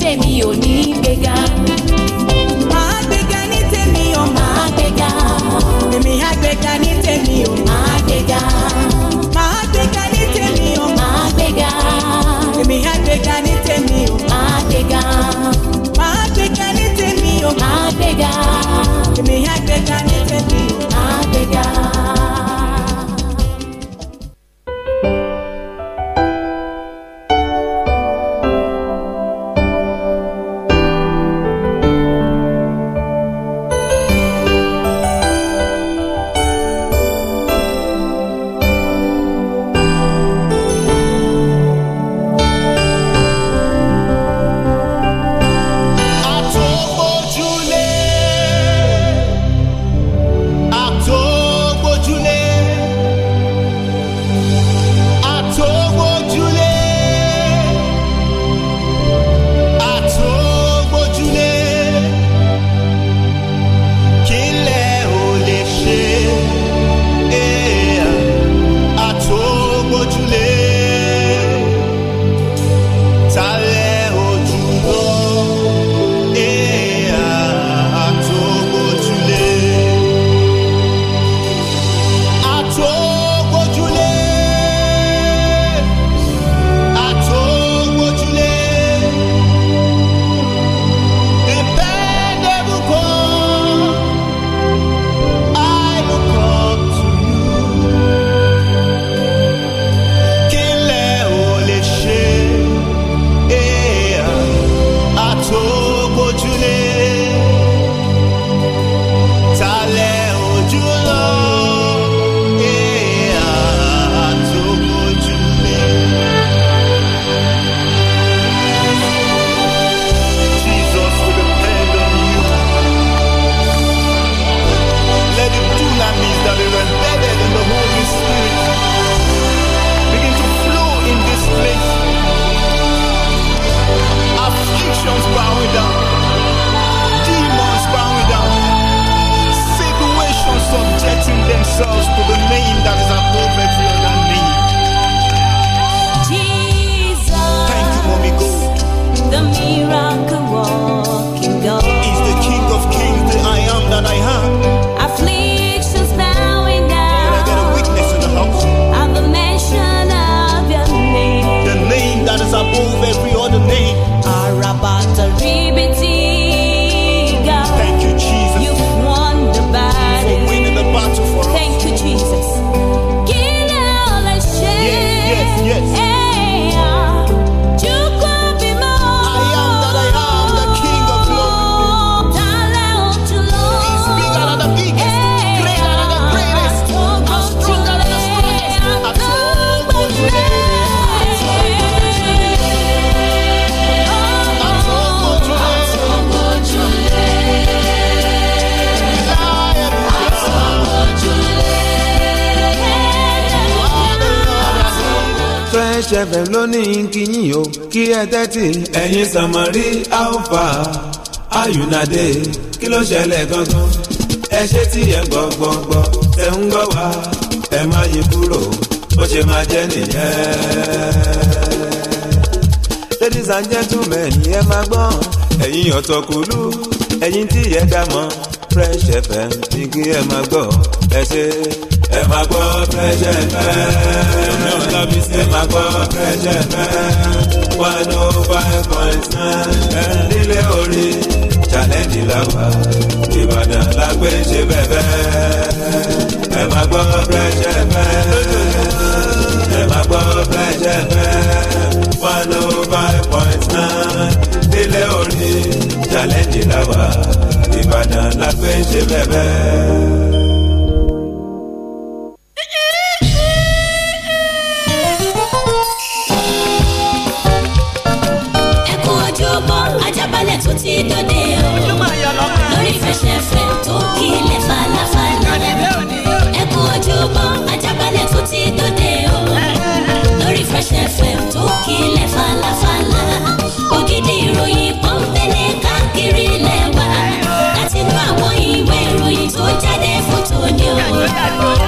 tèmi ò ní gbéga. Màá gbéga ní tèmi o. Màá gbéga. Èmi á gbéga ní tèmi o. Màá gbéga. Fresh FM lónìí kíyìn o kí ẹ tẹ́tì. ẹ̀yin sànmọ́rí alfa ayùnádé kí ló ṣẹlẹ̀ gangan ẹ ṣe tí ẹ gbọ́ gbọ́ gbọ́ ẹ ń gbọ́ wá ẹ má yí kúrò bó ṣe máa jẹ́ nìyẹn. ladies and gentlemen ẹ máa gbọ́n ẹ̀yin ọ̀tọ̀kùlú ẹ̀yin tí ẹ dá mọ́ Fresh FM ní kí ẹ máa gbọ́ ẹ ṣe ẹ máa gbọ́ Fresh FM ẹ máa gbọ́ Fresh FM one oh five point nine nílé orí challenge làwà Ìbàdàn la gbé ṣe bẹ́ẹ̀ ẹ máa gbọ́ Fresh FM ẹ máa gbọ́ Fresh FM one oh five point nine nílé orí challenge làwà Ìbàdàn la ṣe bẹ́ẹ̀. tún ti dòde o lórí fẹsẹ̀fẹ̀ tó kílẹ̀ falafala ẹ kú ojúbọ ajábalẹ̀ tún ti dòde o lórí fẹsẹ̀fẹ̀ tó kílẹ̀ falafala ògidì ìròyìn pọ́npẹ́lẹ́ káàkiri lẹ́wà láti inú àwọn ìwé ìròyìn tó jáde fún tòní o.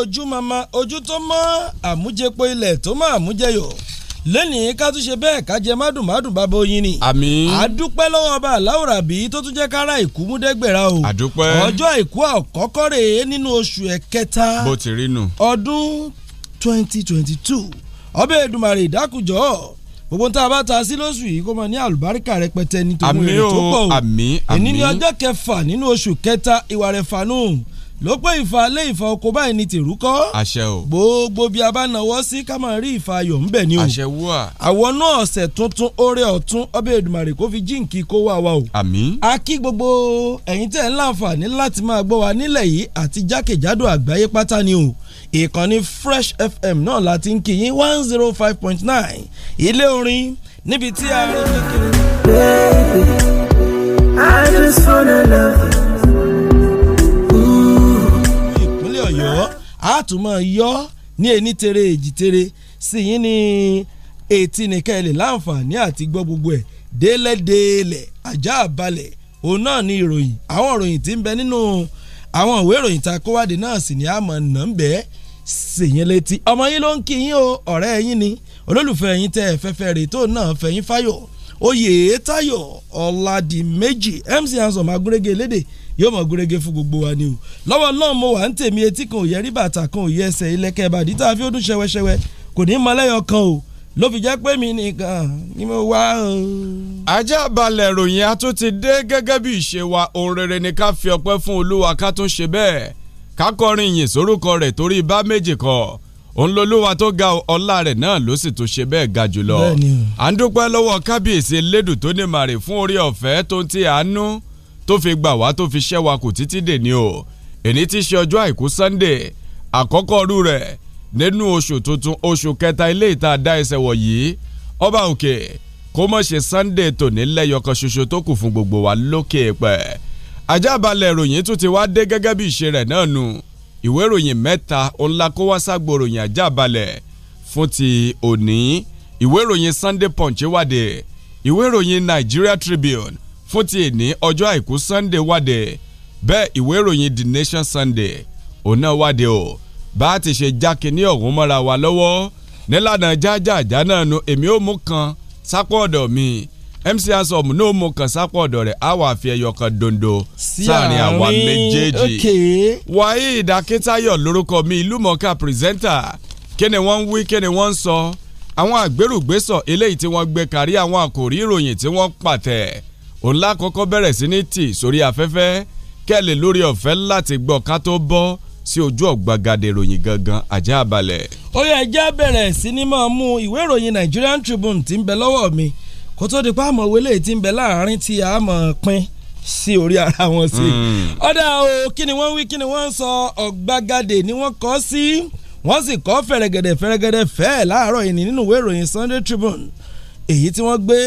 ojú mama ojú tó mọ́ àmújẹpo ilẹ̀ tó mọ́ àmújẹyọ̀ lẹ́nìí ká tún ṣe bẹ́ẹ̀ ká jẹ mádùnmádùn bá bóyin ni. àmín. àdúpẹ́ lọ́wọ́ ọba aláwòrán bí tó tún jẹ́ kára ìkú múdẹ́gbẹ̀rá o. àdúpẹ́. ọjọ́ àìkú àkọ́kọ́ rèé nínú oṣù ẹ̀kẹta. bó ti rí nù. ọdún twenty twenty two ọbẹ̀ Èdùmàrè ìdákùjọ́ gbogbo tá a bá ta sí lóṣù yìí kó máa ní àlùbáríkà rẹpẹtẹ nítorí èrè tó pọ̀ o. àmín o àmín àmín. èní ni ọjọ́ kẹfà nínú oṣù kẹta ìwà rẹ̀ fanu ló pé ìfà lé ìfà oko báyìí ni tìrú kọ́. àṣẹ o. gbogbo bí a bá nawọ́ sí ká máa rí ìfà ayọ̀ ńbẹ̀ ni o. àṣẹ wúwà. àwọn náà ọ̀sẹ̀ tuntun oore ọ̀tún ọbẹ̀ Èdùmàrè kó fi jíǹkì kó wá wa o. àmín. a kí gbogbo ẹ̀yin tẹ̀ ń láǹfààní láti máa gbọ́ wa nílẹ̀ yìí àti jákèjádò àgbáyé pátá ni o ìkànnì Fresh FM náà la ti ń kí yín one zero five point nine ilé orin níbi tí a rí kékeré. Baby, I just wanna love you. àtúmọ̀ yọ ní ẹni tere èjì tere sí yín ní etí nìkan ẹ̀ lè láǹfààní àti gbọ́ gbogbo ẹ̀ délẹ̀délẹ̀ ajá balẹ̀ òun náà ni ìròyìn àwọn ìròyìn tí ń bẹ nínú àwọn ìwé ìròyìn tá kó wádìí náà sì ni àmọ̀ nà ń bẹ́ẹ̀ sì yín létí ọmọ yín ló ń kí yín o ọ̀rẹ́ yín ni olólùfẹ́ yín tẹ́ ẹ fẹ́fẹ́ rè tó náà fẹ́yìn fáyọ̀ Oyètáyọ̀ Ọládìméjì MC Ansom agúnrégé lédè yóò mọ̀ gúnrégé fún gbogbo wa ni o lọ́wọ́ náà mo wà ń tèmi etí kan òye rí bàtà kan òye ẹsẹ̀ ilẹ̀kẹ̀ bàdí tá a fi ó dún ṣẹwẹṣẹwẹ kò ní mọ lẹ́yọ̀ kan o ló fi jẹ́ pé mi nìkan ni mo wá o. ajá balẹ̀ ròyìn a ti dé gẹ́gẹ́ bí ìṣe wa ohun rere ni ká fi ọpẹ́ fún Olúwa ká tún ṣe bẹ́ẹ̀ ká kọrin ìyìn sórúkọ rẹ̀ torí bá méjì kan òun lolúwa tó ga ọlá rẹ̀ náà ló sì tún ṣe bẹ́ẹ̀ ga jùlọ à ń dúpẹ́ lọ́wọ́ kábíyèsí elédùn tó ní màrè fún orí ọ̀fẹ́ tó ń ti àánú tó fi gbà wá tó fi ṣẹ́ wa kù títí dèní o èní ti ṣe ọjọ́ àìkú Sunday àkọ́kọ́ ọdún rẹ̀ nínú oṣù tuntun oṣù kẹta ilé ìta dá ẹsẹ̀ wọ̀nyí ọba òkè kó mọ̀ ṣe Sunday tòní lẹ́yọkan ṣoṣo tó kù fún gbogbo wa lókè pẹ̀ ajábalẹ̀ ìròyìn tún ti wá dé gẹ́gẹ́ bí ìṣe rẹ̀ náà nù ìwé ìròyìn mẹ́ta òun la kó wá ságbóròyìn àjàbalẹ̀ fún ti òní ìwé ìròyìn Sunday Punch wádìí ìwé ìròyìn Nigeria Tribune fún ti èní ọjọ́ àìkú Sunday wádìí bẹ́ẹ̀ ìwé ìròyìn The Nation Sunday òun náà o bá a ti ṣe jákè ní ọ̀hún mọ́ra wa lọ́wọ́ nílànà jájájá náà nu èmi ò mú kan sápọ̀ ọ̀dọ̀ mi MC Ansom ní no òun kan sápọ̀ ọ̀dọ̀ rẹ̀ á wà fi ẹyọ kan dondo sáàrin àwa méjèèjì Waheed Akíntayọ̀ lórúkọ mi ìlú mọ̀ọ́ká pírẹsẹ́ńtà kí ni wọ́n ń wí kí ni wọ́n ń sọ àwọn àgbérùgbésọ eléyìí tí wọ́n gbé kárí àwọn àkòrí ìròyìn tí wọ́n pàtẹ́ òun lákọ́kọ́ bẹ̀rẹ̀ sí ní tì sórí afẹ́fẹ́ kẹ́lẹ̀ lórí ọ̀fẹ́ láti gbọ́ ká tó bọ́ sí ojú ọ̀gbagadé ìròyìn gangan ajá balẹ̀. ó yẹ ẹjẹ́ bẹ̀rẹ̀ sí ní máa mú ìwé ìròyìn Nigerian Tribune tí ń bẹ lọ́wọ́ mi kó tó di pa àmọ̀wé lè ti ń bẹ láàrin tí a mọ̀ pín sí orí ara wọn sí. Hmm. ọ̀dà o kí ni wọ́n wí kí ni wọ́n ń sọ ọ̀gbagadè ni wọ́n kọ́ sí wọ́n sì kọ́ fẹ̀rẹ̀gẹ̀dẹ̀ fẹ̀rẹ̀gẹ̀dẹ̀ fẹ́ẹ̀ láàárọ̀ yìí nínú ìwé ìròyìn Sunday Tribune èyí tí wọ́n gbé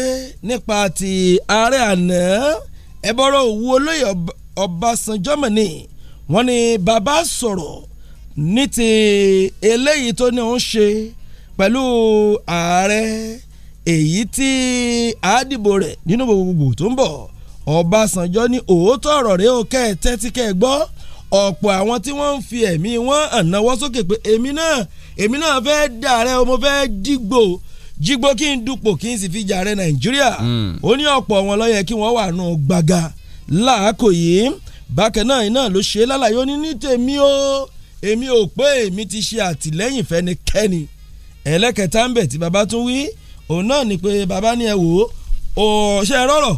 nípa ti ààrẹ àná ẹ̀bọ̀rọ̀ òwú olóyè Ọbásanjọ́ mọ̀ni wọ́n ní bàbá sọ̀rọ̀ ní ti eléyìí tó ní òun ṣe pẹ̀lú ààrẹ èyí tí àádìbò rẹ̀ nínú gbogbogbò tó ń bọ̀ Ọbásanjọ́ ní òótọ́ ọ̀rọ̀ rẹ̀ ó kẹ́ ẹ tẹ́tí kẹ́ ẹ gbọ́ ọ̀pọ̀ àwọn tí wọ́n ń fi ẹ̀mí wọn ànáwọ́ sókè pé èmi náà èmi náà fẹ́ dàrẹ́ o mo fẹ́ dìgbò jígbó kí n dupò kí n sì fi jàre Nàìjíríà hmm. ó ní ọ̀pọ̀ wọn ló yẹ kí wọ́n wà nù gbàgà láàkò yìí bákan náà iná ló ṣe lálàyé ní ní tèmi o èmi ò pé èmi ti ṣe àtìlẹ́yìn fẹ́nikẹ́ni ẹlẹ́kẹta ń bẹ̀ tí baba wí òun náà ni pé bàbá ni ẹ wò ó ṣe é rọrọ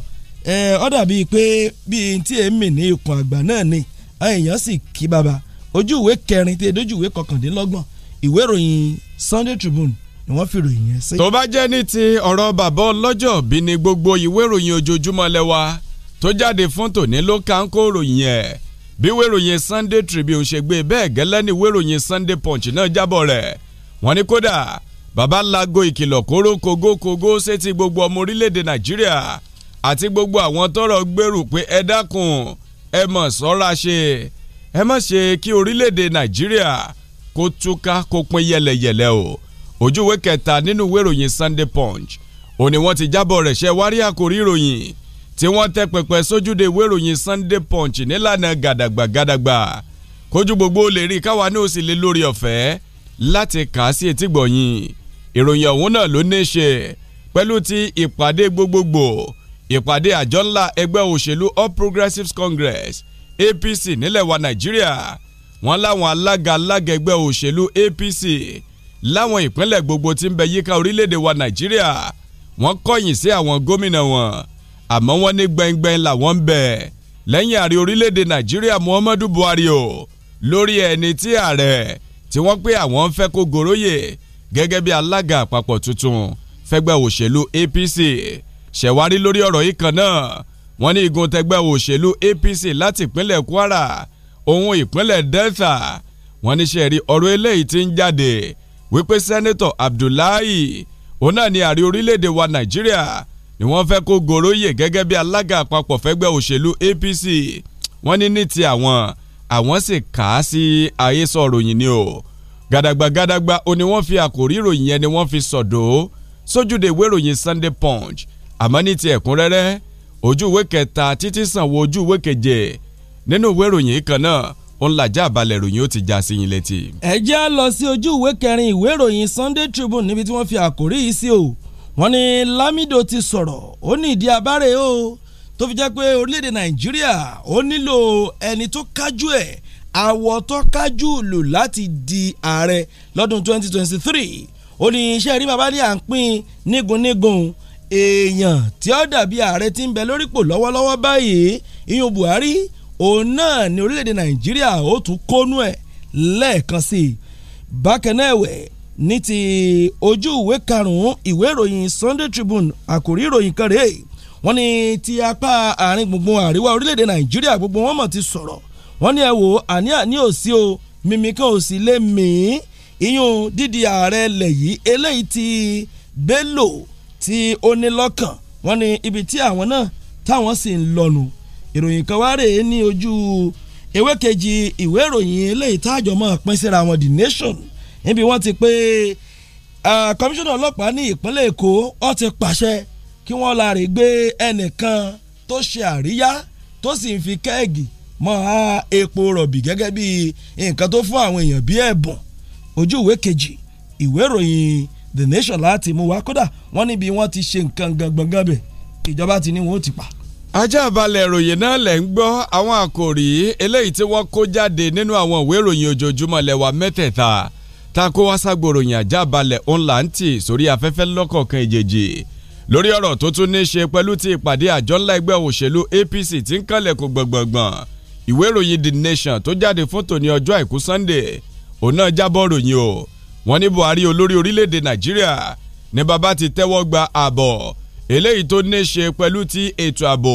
ọ dàbí pé bíi tí èmi ní ikùn àgbà náà ni èèyàn sì kí bàbá ojú ìwé kẹrin tí dojú ìwé kọkàndínlọ́gbọ̀n ìwé ìròyìn Sunday Tribune ni wọ́n fi ròyìn yẹn sí. tó bá jẹ́ ní ti ọ̀rọ̀ bàbá ọlọ́jọ́ bí ni gbogbo ìwé ìròyìn ojoojúmọ́ lẹ́wà tó jáde fún tòní ló kà ń kó ròyìn yẹn bí ìwé ìròyìn Sunday Tribune ṣe gbé bẹ́ẹ̀ gẹ́lẹ́ ní ìwé ìròyìn Sunday Punch náà jábọ̀ rẹ̀ wọ́n ní kódà bàbá lago ìkìlọ̀ kóró kogókogó sétí gbogbo ọmọ orílẹ̀-èdè nàìjíríà àti gbogbo àwọn tọ́rọ̀ gbèrú pé ẹ dákun ẹ mọ̀ ṣọ́ra ṣe ẹ má ṣe kí orílẹ̀-èdè nàìjíríà kó túká kó pín yẹlẹyẹlẹ o ojúwe kẹta nínú ìwé ìròyìn Sunday Punch ó ní wọ́n ti jábọ̀ rẹ̀ ṣe wárí àkórí ìròyìn tí wọ́n tẹ́ pẹpẹ sójúde ìwé ìròyìn Sunday Punch nílànà gàdàgbà gàdàgbà kójú gbogbo lè rí káwa ní òsì lé lórí ọ̀fẹ́ láti kà á sí etí gbọ̀nyìn ìròyìn ọ̀hún náà ló ní í ṣe pẹ̀lú ti ìpàdé gbogbogbò ìpàdé àjọ ńlá ẹgbẹ́ òṣèlú All Progressives Congress APC nílẹ̀ wa Nàìjíríà wọ́n láwọn alága alága ẹgbẹ́ òṣèlú APC láwọn ìpínlẹ̀ gbogbo tí ń bẹ yíká orílẹ̀-èdè wa Nàìjíríà wọ́n kọ̀yìn sí àwọn gómìnà wọn àmọ́ wọ́n ní gbẹngbẹng làwọn ń bẹ lẹ́yìn ààrẹ orílẹ̀-èdè Nàìjíríà Muhammadu Buhari o lórí ẹni tí ààrẹ tí wọ́n pé àwọn fẹ́ kó goróyè gẹ́gẹ́ bí alága àpapọ̀ tuntun fẹ́gbẹ́ òṣèlú APC ṣẹ̀wárí lórí ọ̀rọ̀ yìí kan náà wọ́n ní igun tẹgbẹ́ òṣèlú APC láti ìpínlẹ̀ Kwara òun ìpínlẹ̀ Delta wọ́n ní sẹ́ẹ̀rí ọ̀rọ̀ eléyìí ti ń jáde wípé sẹ́nẹ́tọ̀ Abdullahi òun náà ni ààrẹ orílẹ̀-èdè wa Nàìjíríà ni wọ́n fẹ́ kó goróyè gẹ́gẹ́ bí alága àpapọ̀ fẹ́gbẹ́ òṣèlú APC wọ́n ní ní ti àwọn àwọn sì kà á sí ayé ni o gàdàgbà gàdàgbà ó ní wọ́n fi àkòrí ìròyìn yẹn ni wọ́n fi sọ̀dọ̀ sójúde ìwé ìròyìn Sunday Punch àmọ́ ní ti ẹ̀kúnrẹ́rẹ́ ojú ìwé kẹta títí sàn wo ojú ìwé keje nínú ìwé ìròyìn kan náà ó ń lajà àbálẹ̀ ìròyìn ó ti já sí yín létí. ẹ jẹ́ á lọ sí ojú ìwé kẹrin ìwé ìròyìn Sunday Tribune níbi tí wọ́n fi àkòrí yìí sí o wọ́n ní Lamido ti sọ̀rọ̀ ó ní ìdí abáre o tó fi jẹ́ pé orílẹ̀-èdè Nàìjíríà ó nílò ẹni tó kájú ẹ̀ àwọ̀ tó kájú lò láti di ààrẹ lọ́dún 2023 ó ní iṣẹ́ rí bàbá ní à ń pín nígunnígun èèyàn tí ó dàbí ààrẹ tí ń bẹ lórípò lọ́wọ́lọ́wọ́ báyìí ìyún Buhari òun náà ní orílẹ̀-èdè Nàìjíríà ó tún kónú ẹ̀ lẹ́ẹ̀kan sí i bákan náà ẹ̀wẹ̀ ní ti ojú ìwé karùn-ún ìwé ìròyìn Sunday Tribune àkòrí ìròyìn kan rèé wọ́n ní ti apá àárín gbùngbùn àríwá orílẹ̀-èdè Nàìjíríà gbogbo wọn mọ̀ ti sọ̀rọ̀ wọ́n ní ẹ wò àní àní ò sí o mímí kan ò sí lé mìín iyún dídi ààrẹ lẹ̀ yìí eléyìí ti Bello tí ó ní lọ́kàn wọ́n ní ibi tí àwọn náà táwọn sì ń lọ́nu ìròyìn kan wá rèé ní ojú ewé kejì ìwé ìròyìn eléyìí tájọ mọ́ pín síra wọn The Nation níbi wọ́n ti pé kọmíṣánná ọlọ́pàá ní ìpínlẹ̀ Èkó ó ti pàṣẹ kí wọ́n la gbé ẹnìkan tó ṣe àríyá tó sì ń fi kẹ́ẹ̀gì mọ́ á epo rọ̀bì gẹ́gẹ́ bí nǹkan tó fún àwọn èèyàn bí ẹ̀bùn ojú ìwé kejì ìwé ìròyìn The Nation láti mú wa kódà wọ́n níbi wọ́n ti ṣe nǹkan gangan bẹ̀ ìjọba ti ní wọn ó ti pa ajá balẹ̀ ìròyìn náà lẹ̀ ń gbọ́ àwọn àkòrí eléyìí tí wọ́n kó jáde nínú àwọn ìwé ìròyìn ojoojúmọ́ lẹ́wà mẹ́tẹ̀ẹ̀ta tako wáságbó ròyìn ajá balẹ̀ ńlá ń tì sórí afẹ́fẹ́ lọ́kọ̀ọ̀kan ìjèjì lórí ọ̀rọ̀ tó tún ní í ṣe pẹ̀lú ti ìpàdé àjọ ńlá ẹgbẹ́ òṣèlú APC tí ń kànlẹ̀kùn gbọ̀ngbọ̀ngbọ̀n ìwé ìròyìn The Nation tó jáde fún tòní ọjọ́ àìkú Sunday òun náà jábọ̀ ròyìn o wọ́n ní Buhari olórí orílẹ̀-èdè Nàìjíríà ní bàbá ti tẹ́wọ́ gba ààbọ̀ eléyìí tó ní ṣe pẹ̀lú ti ètò ààbò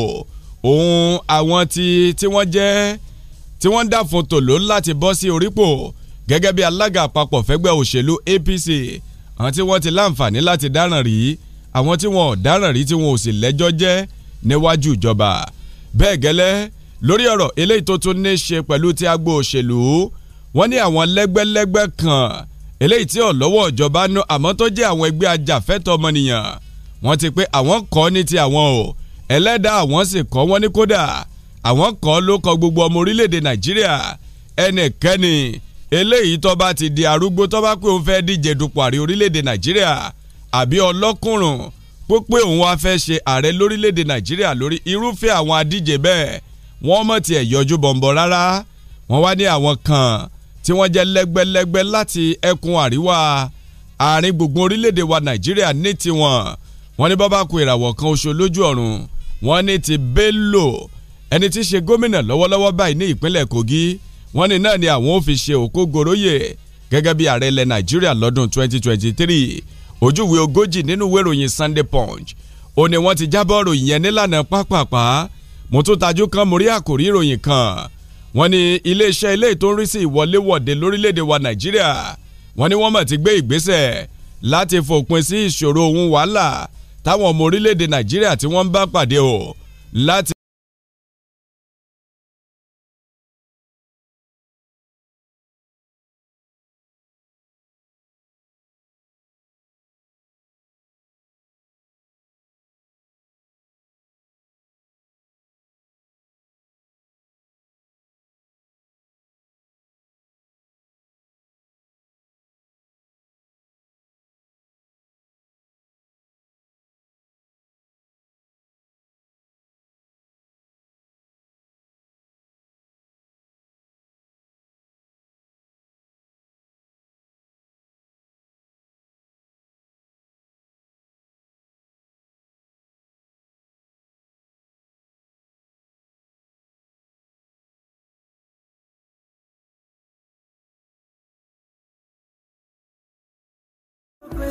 òun àwọn ti tí wọ́n jẹ́ tí wọ́n ń dà fún tòló láti bọ́ sí orípò gẹ́gẹ́ bí alága àpapọ̀ fẹ́gbẹ́ òṣèlú APC àwọn tí wọ́n ti láǹfààní láti dáràn rí àwọn tí wọn dáràn rí tí wọn ò sì lẹ́jọ́ jẹ́ níwájú ìjọba bẹ́ẹ̀ gẹ́lẹ́ lórí ọ̀rọ̀ eléyìí tó tún ní í ṣe pẹ̀lú ti agbo òṣèlú wọ́n ní àwọn lẹ́gbẹ́lẹ́gbẹ́ kan eléyìí tí ọ̀lọ́wọ́ ìjọba nú àmọ́ tó jẹ́ àwọn ẹgbẹ́ ajàfẹ́tọ̀ ọmọnìyàn wọ́n ti pé àwọn kọ́ ní ti àwọn o ẹlẹ́dàá àwọn sì kọ́ wọn ní kódà àwọn kọ́ ló kọ gbogbo ọmọ orílẹ̀-èdè nàìjíríà ẹnikẹ́ni eléyìí tó bá ti di arúgbó tó bá pé òun fẹ́ díje dupò ààrẹ orílẹ̀-èdè nàìjíríà àbí ọlọ́kùnrùn pópé òun wá fẹ́ ṣe ààrẹ lórílẹ̀-èdè nàìjíríà lórí irúfẹ́ àwọn adíje bẹ́ẹ̀ wọ́n mọ̀ tiẹ̀ yọjú bọ̀m̀bọ̀ rárá wọ́n wá ní àwọn kan tí wọ́n jẹ́ lẹ́gbẹ́lẹ́gbẹ́ láti ẹkùn àríwá àárín gbùngbùn orílẹ̀-èdè wa nàìjíríà ní tiwọn wọ́n ní bàbá kù ìràwọ̀ kan oṣù lójú ọ̀run wọ́n ní ti Bello ẹni tí í ṣe gómìnà lọ́wọ́lọ́wọ́ báyìí ní ìpínlẹ̀ Kogi wọ́n ní náà ni àwọn ò fi ṣe Okogoroye gẹ́gẹ́ bí ààrẹ ilẹ̀ nàìjíríà lọ́dún 2023 ojúwe ogójì nínú ìwé ìròyìn Sunday Punch ó ní wọ́n ti jábọ̀ ròyìn yẹn nílànà pápápá mo tún tajú kan mo rí àkòrí ìròyìn kan wọ́n ní iléeṣẹ́ ilé tó ń rí sí ìwọléwọ̀de lórílẹ̀‐èdè wa nàìjíríà wọ́n ní wọ́n mọ̀ ti gbé ìgbésẹ̀ láti fòpin sí ìṣòro ohun wàhálà táwọn ọmọ orílẹ̀‐èdè nàìjíríà tí wọ́n ń bá pàdé o láti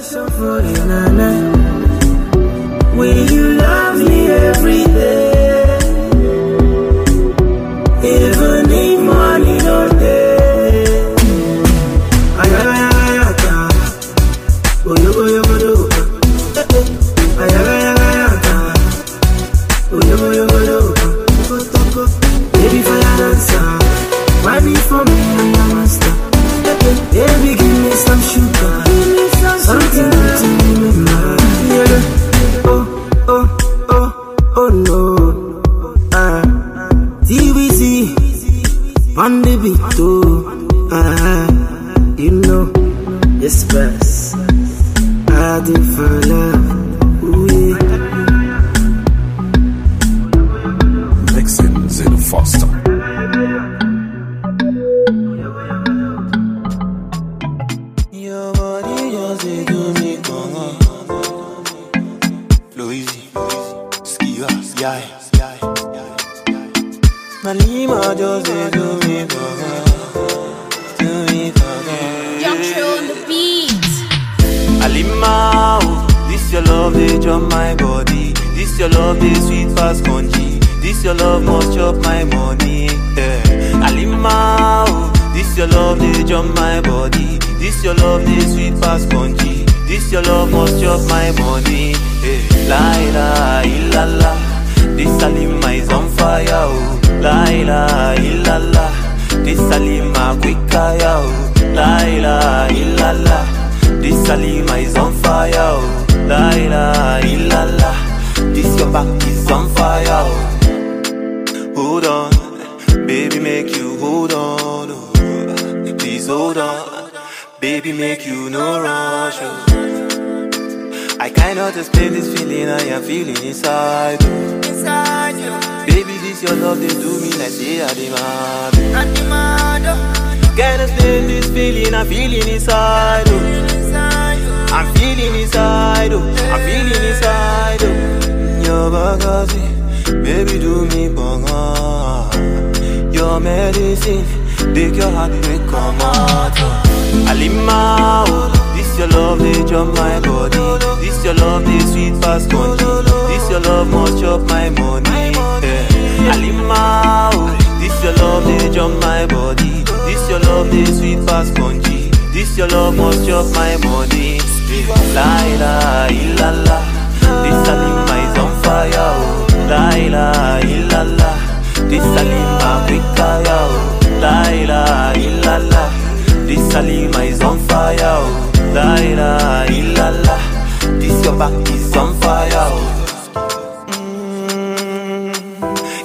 so for you, na na. This Salima quicker, yo. La la la la. This Salima is on fire, yo. La la la la. This your back is on fire, yo. Mm.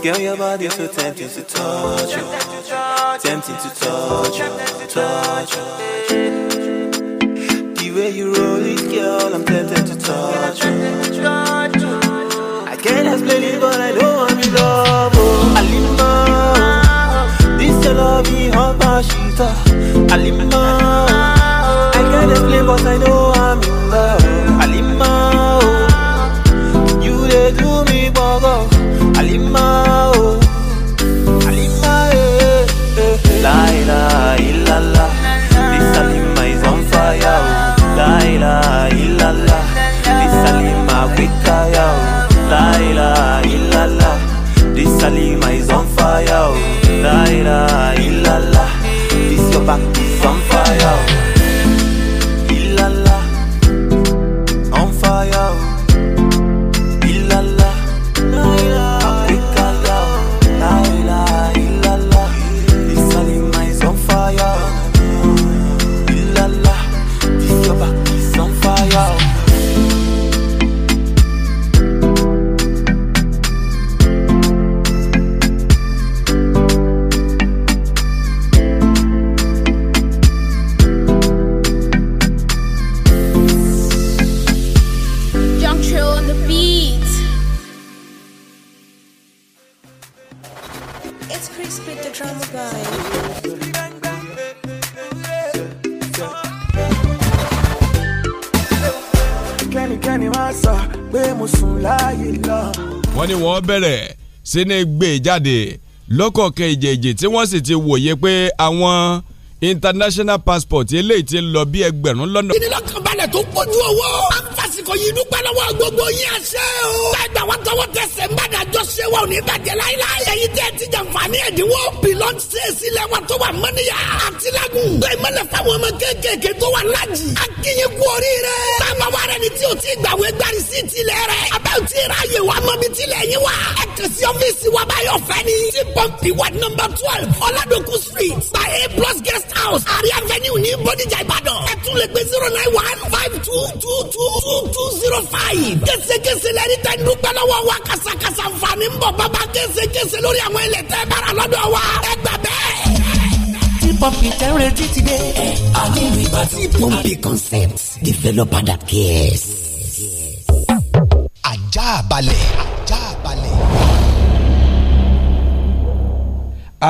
girl, your body so tempting to touch you, tempting to touch you, touch you. The way you roll it, girl, I'm tempted to touch you. I can't explain it, but I know I'm in love jalabi, hot pashita, alima. I can't explain, but I know I'm in love, alima. Oh. You they do me bogo, alima. Oh. Alima, eh, eh. eh, la, la, la. back the fire. pé mo sùn láàyè lọ. wọ́n ní wọ́n bẹ̀rẹ̀ sí ní gbé e jáde lọ́kọ̀ọ̀kan ìjèjì tí wọ́n sì ti wòye pé àwọn international passport eléyìí ti lọ bí ẹgbẹ̀rún lọ́nà rẹ̀ tó kojú owó. a ń fasikọ̀ yìí dúpẹ́ lọ́wọ́ gbogbo yín àṣẹ o. gbàgbà wa tọwọ́ tẹsẹ̀ ń bàdà jọ ṣe wa ò ní bàjẹ́ láíláí. èyí tẹ́ ti jàǹfààní ẹ̀dínwó. pilọ́n ṣe é sílẹ̀ wa tó wà mọ́níyà. àti lagun. bẹ́ẹ̀ e mọ́lẹ̀ fáwọn ọmọ kéékèèké tó wà lájì. a kì kú oríire. bàbá wa rẹ̀ ni tí o ti gbàwé gbàrí sí tilẹ̀ rẹ̀. a bẹ́ẹ̀ ti five two two two two two zero five. kẹsẹkẹsẹ lẹni tẹ nugbẹlọwọ wa kasakasa nfani ń bọ̀ bàbá kẹsẹkẹsẹ lórí àwọn ilẹ̀ tẹ bára lọ́dọ̀ wa ẹ gbà bẹ́ẹ̀ pọ́ǹpì tẹ́ ń retí ti dé. àní ìlú ìbàdàn. tí pọ́ǹpì concepts developer that cares. ajá balẹ̀ ajá balẹ̀.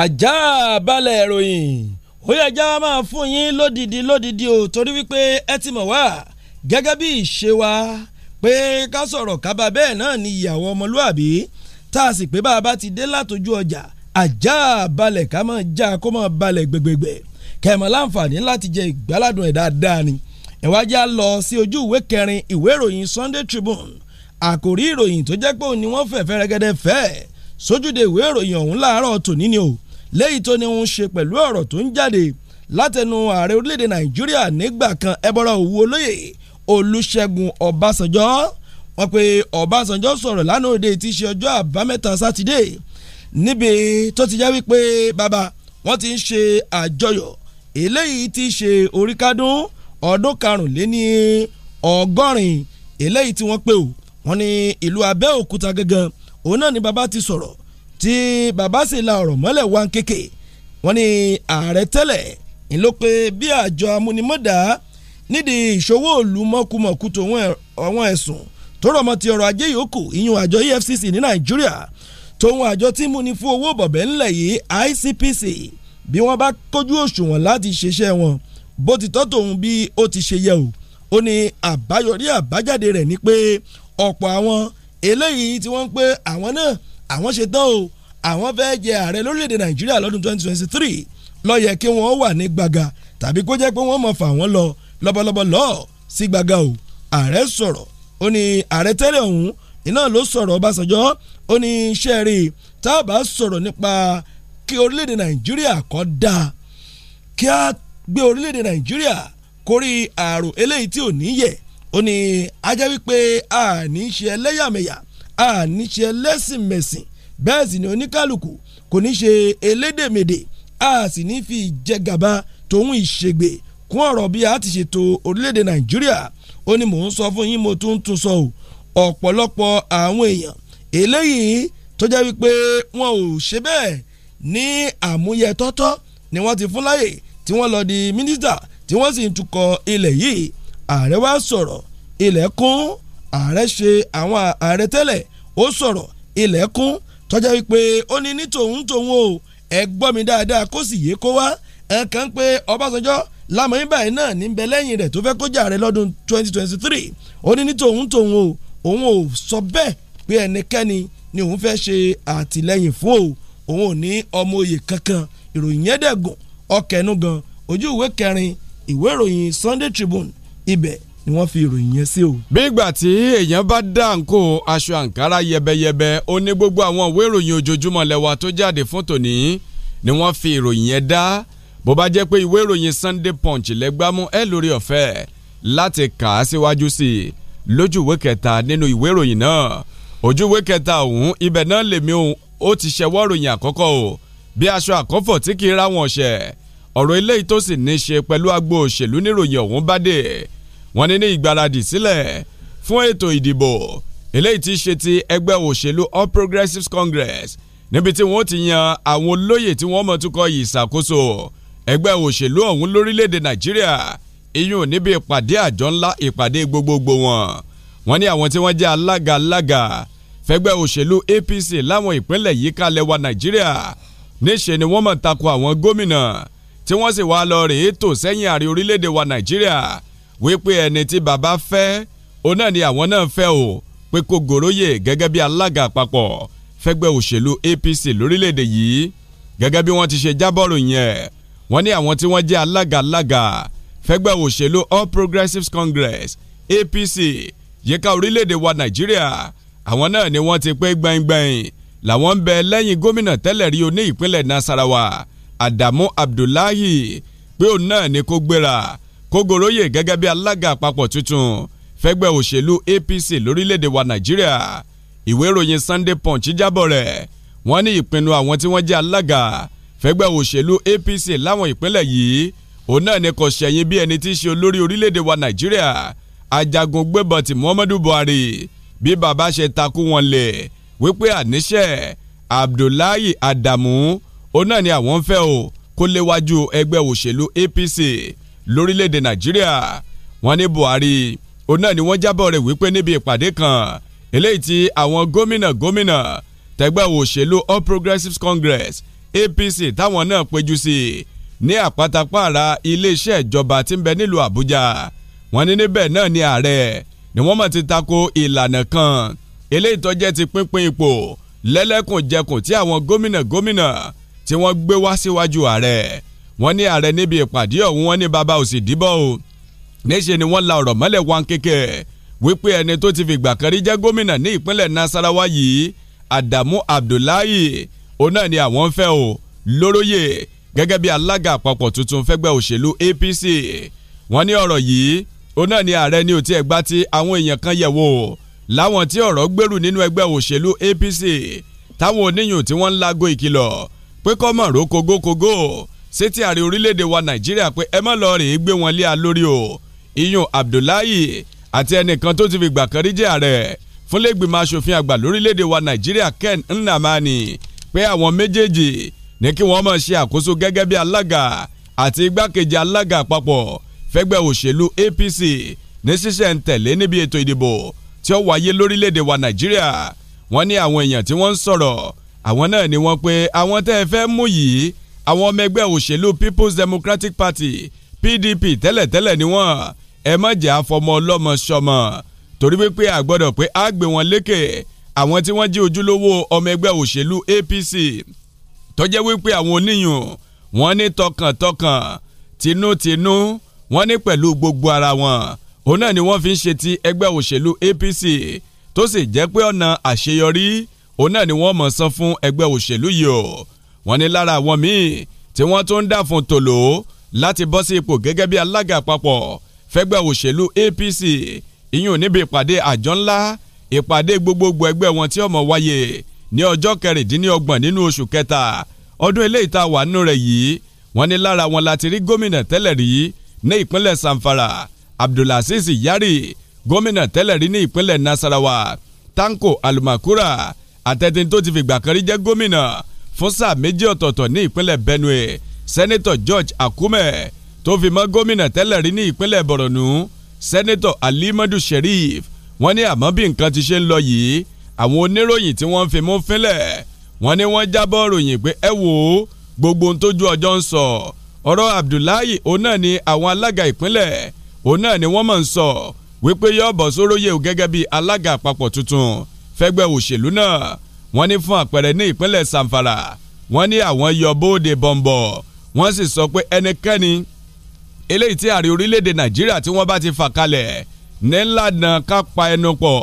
ajá balẹ̀ ìròyìn ó yẹ já wa máa fún yín lódìdí lódìdí o torí wípé ẹ ti mọ̀ wá gẹ́gẹ́ bí ìṣe wa pé ká sọ̀rọ̀ kábà bẹ́ẹ̀ náà ni ìyàwó ọmọlúàbí tá a sì pé bá a bá ti dé látọjú ọjà àjà balẹ̀ ká máa já kó máa balẹ̀ gbẹgbẹgbẹ kẹmọ láǹfààní láti jẹ ìgbáládùn ẹ̀ dáadáa ni ìwájà lọ sí ojú ìwé kẹrin ìwé ìròyìn Sunday Tribune àkòrí ìròyìn tó jẹ́ pé òun ni wọ́n fẹ̀ fẹ́rẹ́gẹ́dẹ́ fẹ́ sójúde ìwé ìròyìn ọ̀hún láàárọ̀ tòní ni o léyìí tó ní ń ṣe pẹ̀lú ọ̀rọ̀ tó ń jáde látẹnu ààrẹ orílẹ̀-èdè nàìjíríà nígbà kan ẹbọra òwú olóyè olúṣẹ́gun ọbásanjọ́ wọ́n pe ọbásanjọ́ sọ̀rọ̀ lánàá òde tí í ṣe ọjọ́ àbámẹ́ta sátidé níbi tó ti já wípé bàbá wọ́n ti ń ṣe àjọyọ̀ eléyìí ti ṣe oríkádún ọdún karùnléní ọgọ́rin eléyìí tí wọ́n pè ó wọ́n ní ìlú abẹ́òkúta gangan òun náà ni bàbá ti sọ̀rọ̀ tí bàbá sì la ọ̀rọ̀ mọ́lẹ̀ wá ń kéke wọ́n ní ààrẹ tẹ́lẹ̀ ń ló pé bí àjọ amúnimọ́dà nídìí ìṣòwò òlu mọ́kùmọ̀kù tó àwọn ẹ̀sùn tó rọ̀ mọ́ ti ọrọ̀ ajé yòókù ìyún àjọ EFCC ní Nàìjíríà tòun àjọ tí múni fún owó bọ̀bẹ̀ ńlẹ̀ yìí ICPC bí wọ́n bá kójú òṣùwọ̀n láti ṣiṣẹ́ wọn bó ti tọ́ tòun bí ó ti ṣe yẹ o ó ní àbáyọrí àbájáde rẹ̀ ni pé ọ̀pọ̀ àwọn eléyìí tí wọ́n ń pé àwọn náà àwọn ṣe o àwọn fẹ́ jẹ ààrẹ lórílẹ̀‐èdè nàìjíríà lọ́dún 2023 ló yẹ kí wọ́n wà ní gbàgà tàbí kó jẹ́ pé wọ́n mọ̀ fà wọ́n lọ lọ́bọ̀lọ́bọ̀ lọ́ọ̀ sí gbàgà o ààrẹ sọ̀rọ̀ ó ní ààrẹ tẹ́lẹ̀ ọ̀hún iná ló sọ̀rọ̀ ọbásanjọ́ ó ní iṣẹ́ rí tá a bá sọ̀rọ̀ nípa kí orílẹ̀-èdè nàìjíríà kó dáa kí a gbé orílẹ̀-èdè nàìjíríà kórí àrò eléyìí tí ò ní yẹ ó ní ajá wípé àní ẹlẹ́yàmẹ̀yà àní ẹlẹ́sìnmẹ̀sìn bẹ́ẹ̀ sì ni oníkálukú kò ní ṣe elédèmèdè a sì ní fi ìjẹgàba tòun ìṣègbè kún ọ̀rọ̀ bí a ti ṣètò orílẹ̀-èdè nàìjíríà ó ní mò ń sọ fún yín mo tún tún sọ ò ọ̀pọ̀lọpọ̀ àwọn èèyàn eléyìí tó jẹ́ wípé wọn ò ṣe bẹ́ẹ̀ ní àmúyẹ tọ́tọ́ ni wọ́n ti fún láyè tí wọ́n lọ di mínísítà tí wọ́n sì ń tukọ̀ ilẹ̀ yìí ààrẹ wá sọ̀rọ̀ ilẹ̀ kún ààrẹ ṣe àwọn ààrẹ tẹ́lẹ̀ ó sọ̀rọ̀ ilẹ̀ kún tọ́jà wípé ó ní ní tòun tòun o ẹ gbọ́ mi dáadáa kó sì yé kó wá ẹ̀kan pé Ọbásanjọ́ lámọ̀yìn báyìí náà ní bẹ lẹ́yìn rẹ̀ tó fẹ́ kó jàre lọ́dún 2023 ó ní ní tòun tòun o òun ò sọ bẹ́ẹ̀ pé ẹnikẹ́ni ni òun fẹ́ ṣe àtìlẹ́yìn fún o òun ò ní ọmọ oyè kankan ìròyìn yẹn dẹ̀ gùn ọkẹ́nu gan ojú ìwé kẹrin ìwé ìròyìn Sunday Tribune ibẹ̀ ni wọ́n fi ìròyìn yẹn sí o. bí ìgbà tí èèyàn bá dá nǹkó aṣọ àǹkárá yẹbẹyẹbẹ ó ní gbogbo àwọn ìwé ìròyìn ojoojúmọ́ lẹ́wà tó jáde fún tòní ni wọ́n fi ìròyìn yẹn dá bó bá jẹ́ pé ìwé ìròyìn Sunday Punch lẹ́gbàmú ẹ lórí ọ̀fẹ́ láti kà á síwájú sí i lójú ìwé kẹta nínú ìwé ìròyìn náà ojú kẹta ọ̀hún ibẹ̀ náà lèmi òun ó ti ṣẹwọ́ ìròyìn àkọ́kọ́ o bí aṣọ àkọ́fọ̀ tí kì í ra wọn ṣẹ̀ ọ̀rọ̀ eléyìí tó sì ní í ṣe pẹ̀lú agbo òṣèlú níròyìn ọ̀hún bá dé wọ́n ní ní ìgbáradì sílẹ̀ fún ètò ìdìbò eléyìí ti ṣe ti ẹgbẹ́ òṣèlú All Progressives Congress níbi tí wọ́n ti yan àwọn olóyè tí wọ́n mọ̀ túkọ̀ yìí ṣàkóso ẹgbẹ́ òṣèlú ọ̀hún lórílẹ̀‐èdè Nàìjíríà iyún níbi ìpàdé àjọ ńlá ìpàdé gbogbogbò wọn wọ́n ní àwọn tí wọ́n jẹ́ alága alága fẹ́gbẹ́ òṣèlú APC láwọn ìpínlẹ̀ yìí kalẹ̀ wa Nàìjíríà níṣe ni wọ́n mọ̀ tako àwọn gómìnà tí wọ́n sì wá lọ rèé tò sẹ́yìn ààrẹ orílẹ̀‐èdè wa Nàìjíríà wípé ẹni tí bàbá fẹ́ òun náà ni àwọn náà fẹ́ o pé kó gòròyè gẹ́gẹ́ bí alága àpapọ̀ fẹ́gbẹ́ òṣèlú APC lórílẹ̀‐èdè yìí gẹ́gẹ́ bí wọ́n ti ṣe jábọ̀rò yẹn wọ́n ní àwọn tí wọ́n jẹ́ alága alága fẹ́gbẹ́ òṣèlú All Progressives Congress APC yíká orílẹ̀‐èdè wa Nàìjíríà àwọn náà ni wọ́n ti pé gbẹ̀ngbẹ̀ng làwọn ń bẹ lẹ́yìn gómìnà tẹ́lẹ̀ rí oní ìpínlẹ̀ Nasarawa Adamu Abdullahi pé òun náà ni kó gbéra Kógoróyè gẹ́gẹ́ bí alága àpapọ̀ tuntun fẹ́gbẹ́ òṣèlú APC lórílẹ̀‐èdè wa Nàìjíríà ìwé ìròyìn Sunday Punch jábọ̀ rẹ̀ wọ́n ní ìpinnu àwọn tí wọ́n jẹ́ alága fẹ́gbẹ́ òṣèlú APC láwọn ìpínlẹ̀ yìí òun náà ni kò ṣẹ̀yìn bí ẹni tí í ṣe olórí orílẹ̀‐èdè wa Nàìjíríà ajagun gbébọn ti Muhammadu Buhari bí bàbá ṣe takú wọn lẹ̀ wípé àníṣe Abdullahi Adamu òun náà ni àwọn ń fẹ́ o kó léwájú ẹgbẹ́ òṣèlú APC lórílẹ̀‐èdè nàìjíríà wọ́n ní buhari òun náà ni wọ́n jábọ̀ rẹ̀ wípé níbi ìpàdé kan eléyìí tí àwọn gómìnà gómìnà tẹgbẹ́ òṣèlú All Progressives Congress APC táwọn náà péjú sí ní àpátápàrà iléeṣẹ́ ìjọba tí ń bẹ nílùú àbújá wọ́n ní níbẹ̀ náà ni ààrẹ ni wọ́n mọ̀ ti tako ìlànà kan eléyìí tó jẹ́ ti pínpín ipò lẹ́lẹ́kùnjẹkùn tí àwọn gómìnà gómìnà tí wọ́n gbé wá síwájú ààrẹ wọ́n ní ààrẹ níbi ìpàdé ọ̀hún wọ́n ní bàbá òsì dìbọ̀ o níṣẹ́ ni wọ́n la ọ̀rọ̀ mọ́lẹ̀ wọn kékeré wípé ẹni tó ti fìgbà kan rí jẹ́ gómìnà ní ìpínlẹ̀ Nasarawa yìí Adamu Abdullahi òun náà ni àwọn ń fẹ́ o lóróyè gẹ́gẹ́ bí alága àpapọ̀ tuntun fẹ́gbẹ́ òṣèlú APC wọ́n ní ọ̀rọ̀ yìí òun náà ni ààrẹ ní òtí ẹ̀gbá tí àwọn èèyàn kan yẹ̀ wò láwọn tí ọ̀rọ̀ gbèrú nínú ẹgbẹ́ òṣèlú APC táwọn oníyùn tí wọ́n ń lago ìkìlọ̀ pé kọ́mọ̀ rókogókogó sétí ààrẹ orílẹ̀-èdè wa nàìjíríà pé ẹ má lọ rè é gbé wọn lé a lórí o iyun abdullahi àti ẹnìkan tó ti fi gbà kan rí jẹ́ ààrẹ fúnlẹ́gbìmọ̀ asòfin àgbà lórílẹ̀‐èdè wa nàìjíríà ken nnamani pé àwọn méjèèjì ní kí wọ́n máa ṣe àkóso gẹ́gẹ́ bí alága àti igbákejì alága àpapọ̀ fẹ́gbẹ́ òṣèlú apc ní ṣíṣẹ̀ ń tẹ̀lé níbi ètò ìdìbò tí ó wáyé lórílẹ̀‐èdè wa nàìjíríà wọ́n ní àwọn èèyàn tí wọ́n ń sọ̀rọ̀ àwọn náà ni wọ́n pé àwọn tẹ́ ẹ fẹ́ mú yìí àwọn ọmọ ẹgbẹ́ òṣèlú People's Democratic Party PDP tẹ́lẹ̀tẹ́lẹ̀ ni wọ́n ẹ má jẹ́ àfọmọ ọlọ́mọ sọmọ torí wípé àgbọ́dọ̀ pé á gbé wọn lékè àwọn tí wọ́n jẹ́ ojúlówó ọmọ ẹgbẹ́ òṣèlú APC tó jẹ́ wípé àwọn oníyùn wọ́n ní tọkàntọkàn tinútinú wọ́n ní pẹ̀lú gbogbo ara wọn òun náà ni wọ́n fi ń ṣe ti ẹgbẹ́ òṣèlú APC tó sì jẹ́ pé ọ̀nà àṣeyọrí òun náà ni wọ́n mọ̀ san fún ẹgbẹ́ òṣèlú yìí o wọ́n ní lára àwọn míì tí wọ́n tún ń dàfún tòló láti bọ́ sí ipò gẹ́gẹ́ bí alága àpapọ̀ fẹ́gbẹ́ òṣèlú APC ìyún níbi ìpàdé àjọ ńlá ìpàdé gbogbogbò ẹgbẹ́ wọn tí ó máa wáyé ní ọjọ́ kẹrìndínlọ́gbọ̀n nínú oṣù kẹta ọdún eléyìí tá a wà nínú rẹ̀ yìí wọ́n ní lára wọn láti rí gómìnà tẹ́lẹ̀ rí ní ìpínlẹ̀ Zamfara Abdulaziz Yari gómìnà tẹ́lẹ̀ rí ní ìpínlẹ̀ Nasarawa Tanko alumakura àtẹ̀tìn tó ti fìgbà kan rí jẹ́ gómìnà fún sáà méjì ọ̀tọ̀ọ̀tọ̀ ní ìpínlẹ̀ Benue sẹ́nẹ́tọ̀ George Akume tó fi mọ́ gómìnà tẹ́lẹ̀ rí ní ìpínlẹ̀ Borno sẹ́nẹ́tọ̀ Alimadu Sheriff wọ́n ní àmọ́ bí nǹkan ti ṣe ń lọ yìí àwọn oníròyìn tí wọ́n ń fi mú fínlẹ̀ wọ́n ní wọ́n jábọ̀ ròyìn pé ẹ wò gbogbo ohun tójú ọjọ́ ń sọ ọ̀rọ̀ Abdullahi òun náà ni àwọn alága ìpínlẹ̀ òun náà ni wọ́n mọ̀ ń sọ wípé yóò bọ̀ sóróyè gẹ́gẹ́ bí alága àpapọ̀ tuntun fẹ́gbẹ́ òṣèlú náà wọ́n ní fún àpẹẹrẹ ní ìpínlẹ̀ Samfara wọ́n ní àwọn yọ bóde bọ̀m̀bọ̀ wọ́n sì sọ pé ẹnikẹ́ni eléyìí tí ààrẹ orílẹ̀-èdè Nàìjíríà tí wọ́n bá ti fà kalẹ̀ nílànà ká pa ẹnu pọ̀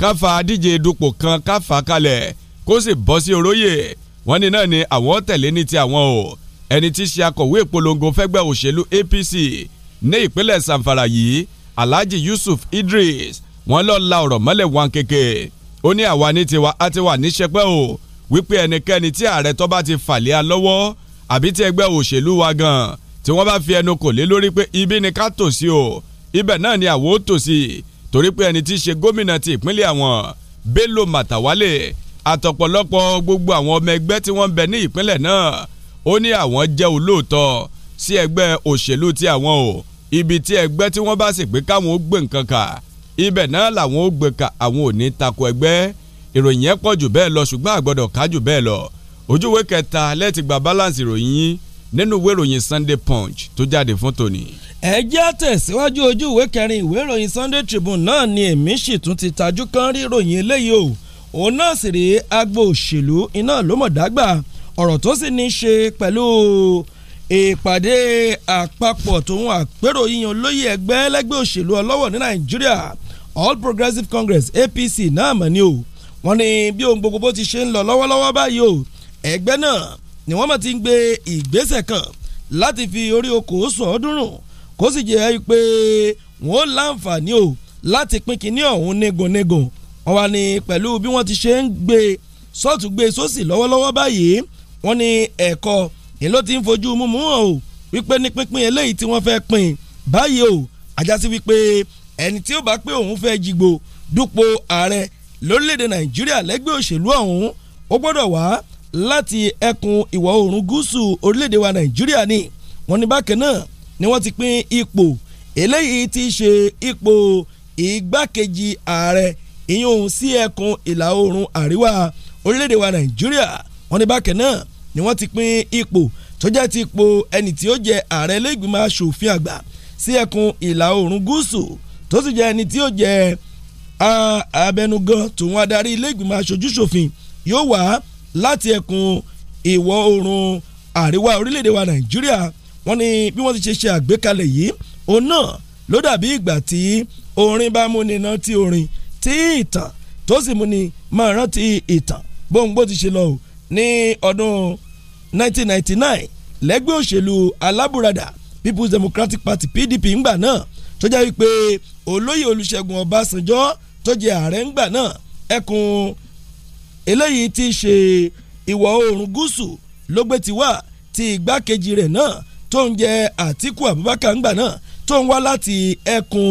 káfa díje dupò kan káfa kalẹ̀ kó sì bọ́ sí oróyè wọ́n ní náà ni àwọn tẹ̀lé ní ti àwọn o ẹni tí ṣe akọ̀wé ìpolongo fẹ́gbẹ́ òṣèlú APC ní ìpínlẹ̀ Samfara yìí Alhaji Yusuf Idris wọ́n lọ la ọ̀rọ̀ mọ́lẹ̀ wọn kékeré ó ní àwa ní tiwa á ti wà níṣẹ́pẹ́ o wípé ẹnikẹ́ni tí ààrẹ tó bá ti fàlẹ́ a lọ́wọ́ àbí tí ẹgbẹ́ òṣèlú wa gan tí wọ́n bá fi ẹnu kò lé lórí pé ibi ni ká tò sí o ibẹ̀ náà ni àwo tò sí torí pé ẹni tí í ṣe gómìnà ti ìpínlẹ̀ àwọn Bello Matawalle àtọ̀pọ̀lọpọ̀ gbogbo àwọn ọmọ ẹgbẹ́ tí wọ́n ń bẹ ní ìpínlẹ̀ náà ó ní àwọn jẹ́ olóòótọ́ sí ẹgbẹ́ òṣèlú ti àwọn o ibi tí ẹgbẹ́ tí wọ́n bá sì pé káwọn ó gbé nǹkan kà ibẹ̀ náà làwọn ó gbé ka àwọn ò ní tako ẹgbẹ́ ìròyìn yẹn pọ̀ jù bẹ́ẹ̀ lọ ṣùgbọ́n àgbọ̀dọ̀ ká jù bẹ́ẹ̀ lọ ojúwe kẹta lẹ́ẹ̀tì gba balance ìròyìn yín nínú ìwé ìròyìn Sunday Punch tó jáde fún tòní. ẹ jẹ́ àtẹ̀síwájú ojú ìwé kẹrin ìwé ìròyìn Sunday Tribune náà ni èmi sì tún ti tajú kán rí ìròyìn eléyìí o òun náà sì rèé agbo òṣèlú iná ló mọ̀ dágbà ọ̀rọ̀ tó sì ní í ṣe pẹ̀lú ìpàdé àpapọ̀ tòun àpérò yíyan lóyè ẹgbẹ́ ẹlẹ́gbẹ́ òṣèlú ọlọ́wọ̀ ní nàìjíríà all progressives congress apc náà mọ̀ ni o wọ́n ní bí ohun gbogbo bó ti ṣe ń lọ lọ́wọ́lọ́wọ́ báyìí o ẹgbẹ́ náà ni wọ́n mọ̀ ti ń gbé ìgbésẹ̀ kan láti fi orí okò sùn ọdúnrún kó sì jẹ́ pé wọ́n láǹfààní o láti pín kínní ọ̀hún nígunnígun wọ́n wá ní pẹ̀lú bí wọ́n ti ṣe ń gbé sọ́ọ̀tù gbé e sósì lọ́wọ́lọ́wọ́ báyìí wọ́n ní ẹ̀kọ́ ni ló ti ń fojú mú mú hàn o wípé ní pínpín eléyìí tí wọ́n fẹ́ pín báyìí o àjásí wípé ẹni tí ó bá pé òun fẹ́ jìgbò dúpọ̀ ààrẹ lórílẹ̀‐èdè nàìjíríà lẹ́gbẹ́ òṣèlú ọ̀hún ó gbọ́dọ̀ wá láti ẹkùn ìwọ̀ oòrùn gúúsù orílẹ̀‐èdè wa nàìjíríà ni wọ́n ní bákan náà ni wọ́n ti pín ipò eléyìí ti ṣe ipò igbákejì ààrẹ ìyún sí ẹkùn ìlà oòrùn àríwá orílẹ̀‐èdè wa nàìjíríà wọ́n ní bákan náà ni wọ́n ti pín ipò tó jẹ́ ti ipò ẹni tí ó jẹ ààrẹ ilégbìmọ̀ asòfin àgbà sí ẹkùn ìlà oòrùn gúúsù tó sì jẹ́ ẹni tí ó jẹ abẹnugan tòun adarí ilégbìmọ̀ asojúṣòfin yóò wá láti ẹkùn ìwọ̀ oòrùn àríwá orílẹ̀-èdè wa nàìjíríà wọ́n ní bí wọ́n ti ṣe ṣe àgbékalẹ̀ yìí òun náà ló dàbí ìgbà tí orin bá mú ni náà ti orin tí ìtàn tó sì mú ni máa rántí ìtàn bóun ti ṣe lọ ní ọdún 1999 lẹ́gbẹ́ òṣèlú alábùradà People's Democratic Party PDP ńgbà náà tó jẹ́ wípé olóyè Olúṣẹ́gun Ọbásanjọ́ tó jẹ́ ààrẹ ńgbà náà ẹkùn eléyìí ti ṣe ìwọ̀ oòrùn gúúsù ló gbé ti wá ti igbákejì rẹ̀ náà tó ń jẹ́ Àtíkù Abubakar ńgbà náà tó ń wá láti ẹkùn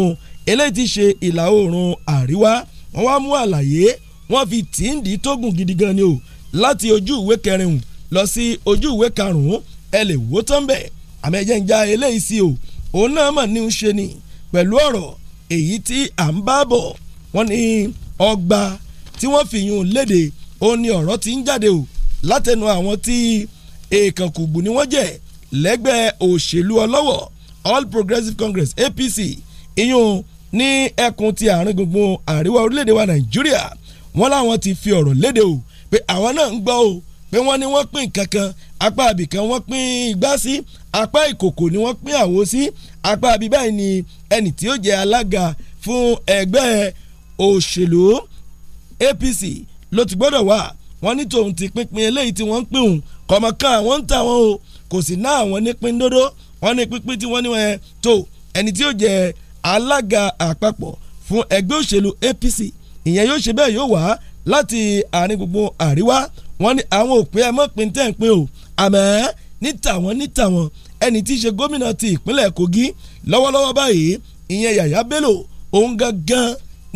eléyìí ti ṣe ìlà oòrùn àríwá wọ́n wá mú àlàyé wọ́n fi tìǹdì tó gidi gan ni o láti ojú ìwé kẹrin lọ sí ojú ìwé karùn-ún ẹ lè wò tán bẹ́ẹ̀ àmẹ́jẹ̀ ń eléyìí sí o òun náà mà ní í ṣe ni pẹ̀lú ọ̀rọ̀ èyí tí à ń bá bọ̀ wọ́n ní ọgbà tí wọ́n fi yún léde òun ni ọ̀rọ̀ ti ń jáde o látẹnu àwọn tí èèkànkùgbù ni wọ́n jẹ́ lẹ́gbẹ́ òṣèlú ọlọ́wọ̀ All Progressives Congress APC ìyún ní ẹkùn ti àárín gbùngbùn àríwá orílẹ̀-èdè wa Nàìjíríà wọ́n láwọn ti fi ọ̀rọ̀ léde o pé àwọn náà ń gbọ́ o pé wọ́n ní wọ́n pín nǹkan kan apá àbìkan wọ́n pín igbá sí apá ìkòkò ni wọ́n pín àwo sí apá àbí báyìí ni ẹni tí ó jẹ́ alága fún ẹgbẹ́ òṣèlú APC ló ti gbọ́dọ̀ wà wọ́n ní tòun ti pínpín eléyìí tí wọ́n ń pín òun kọ̀mọ̀kan àwọn ń tà wọ́n o kò sì ná àwọn nípín dódó wọ́n ní pínpín tí wọ́n ní wọ́n tó ẹni tí ó jẹ́ alága àpapọ̀ fún ẹgbẹ́ òṣèlú APC ìyẹn yóò ṣe bẹ́ẹ̀ yóò wá láti àárín gbogbo àríwá wọn ni àwọn òpin ẹmọ́pin tẹ̀ ń pin o àmọ́ ní tàwọn ní tàwọn ẹni tí í ṣe gómìnà ti ìpínlẹ̀ Kogi lọ́wọ́lọ́wọ́ báyìí ìyẹn Yàyà Bello òun gangan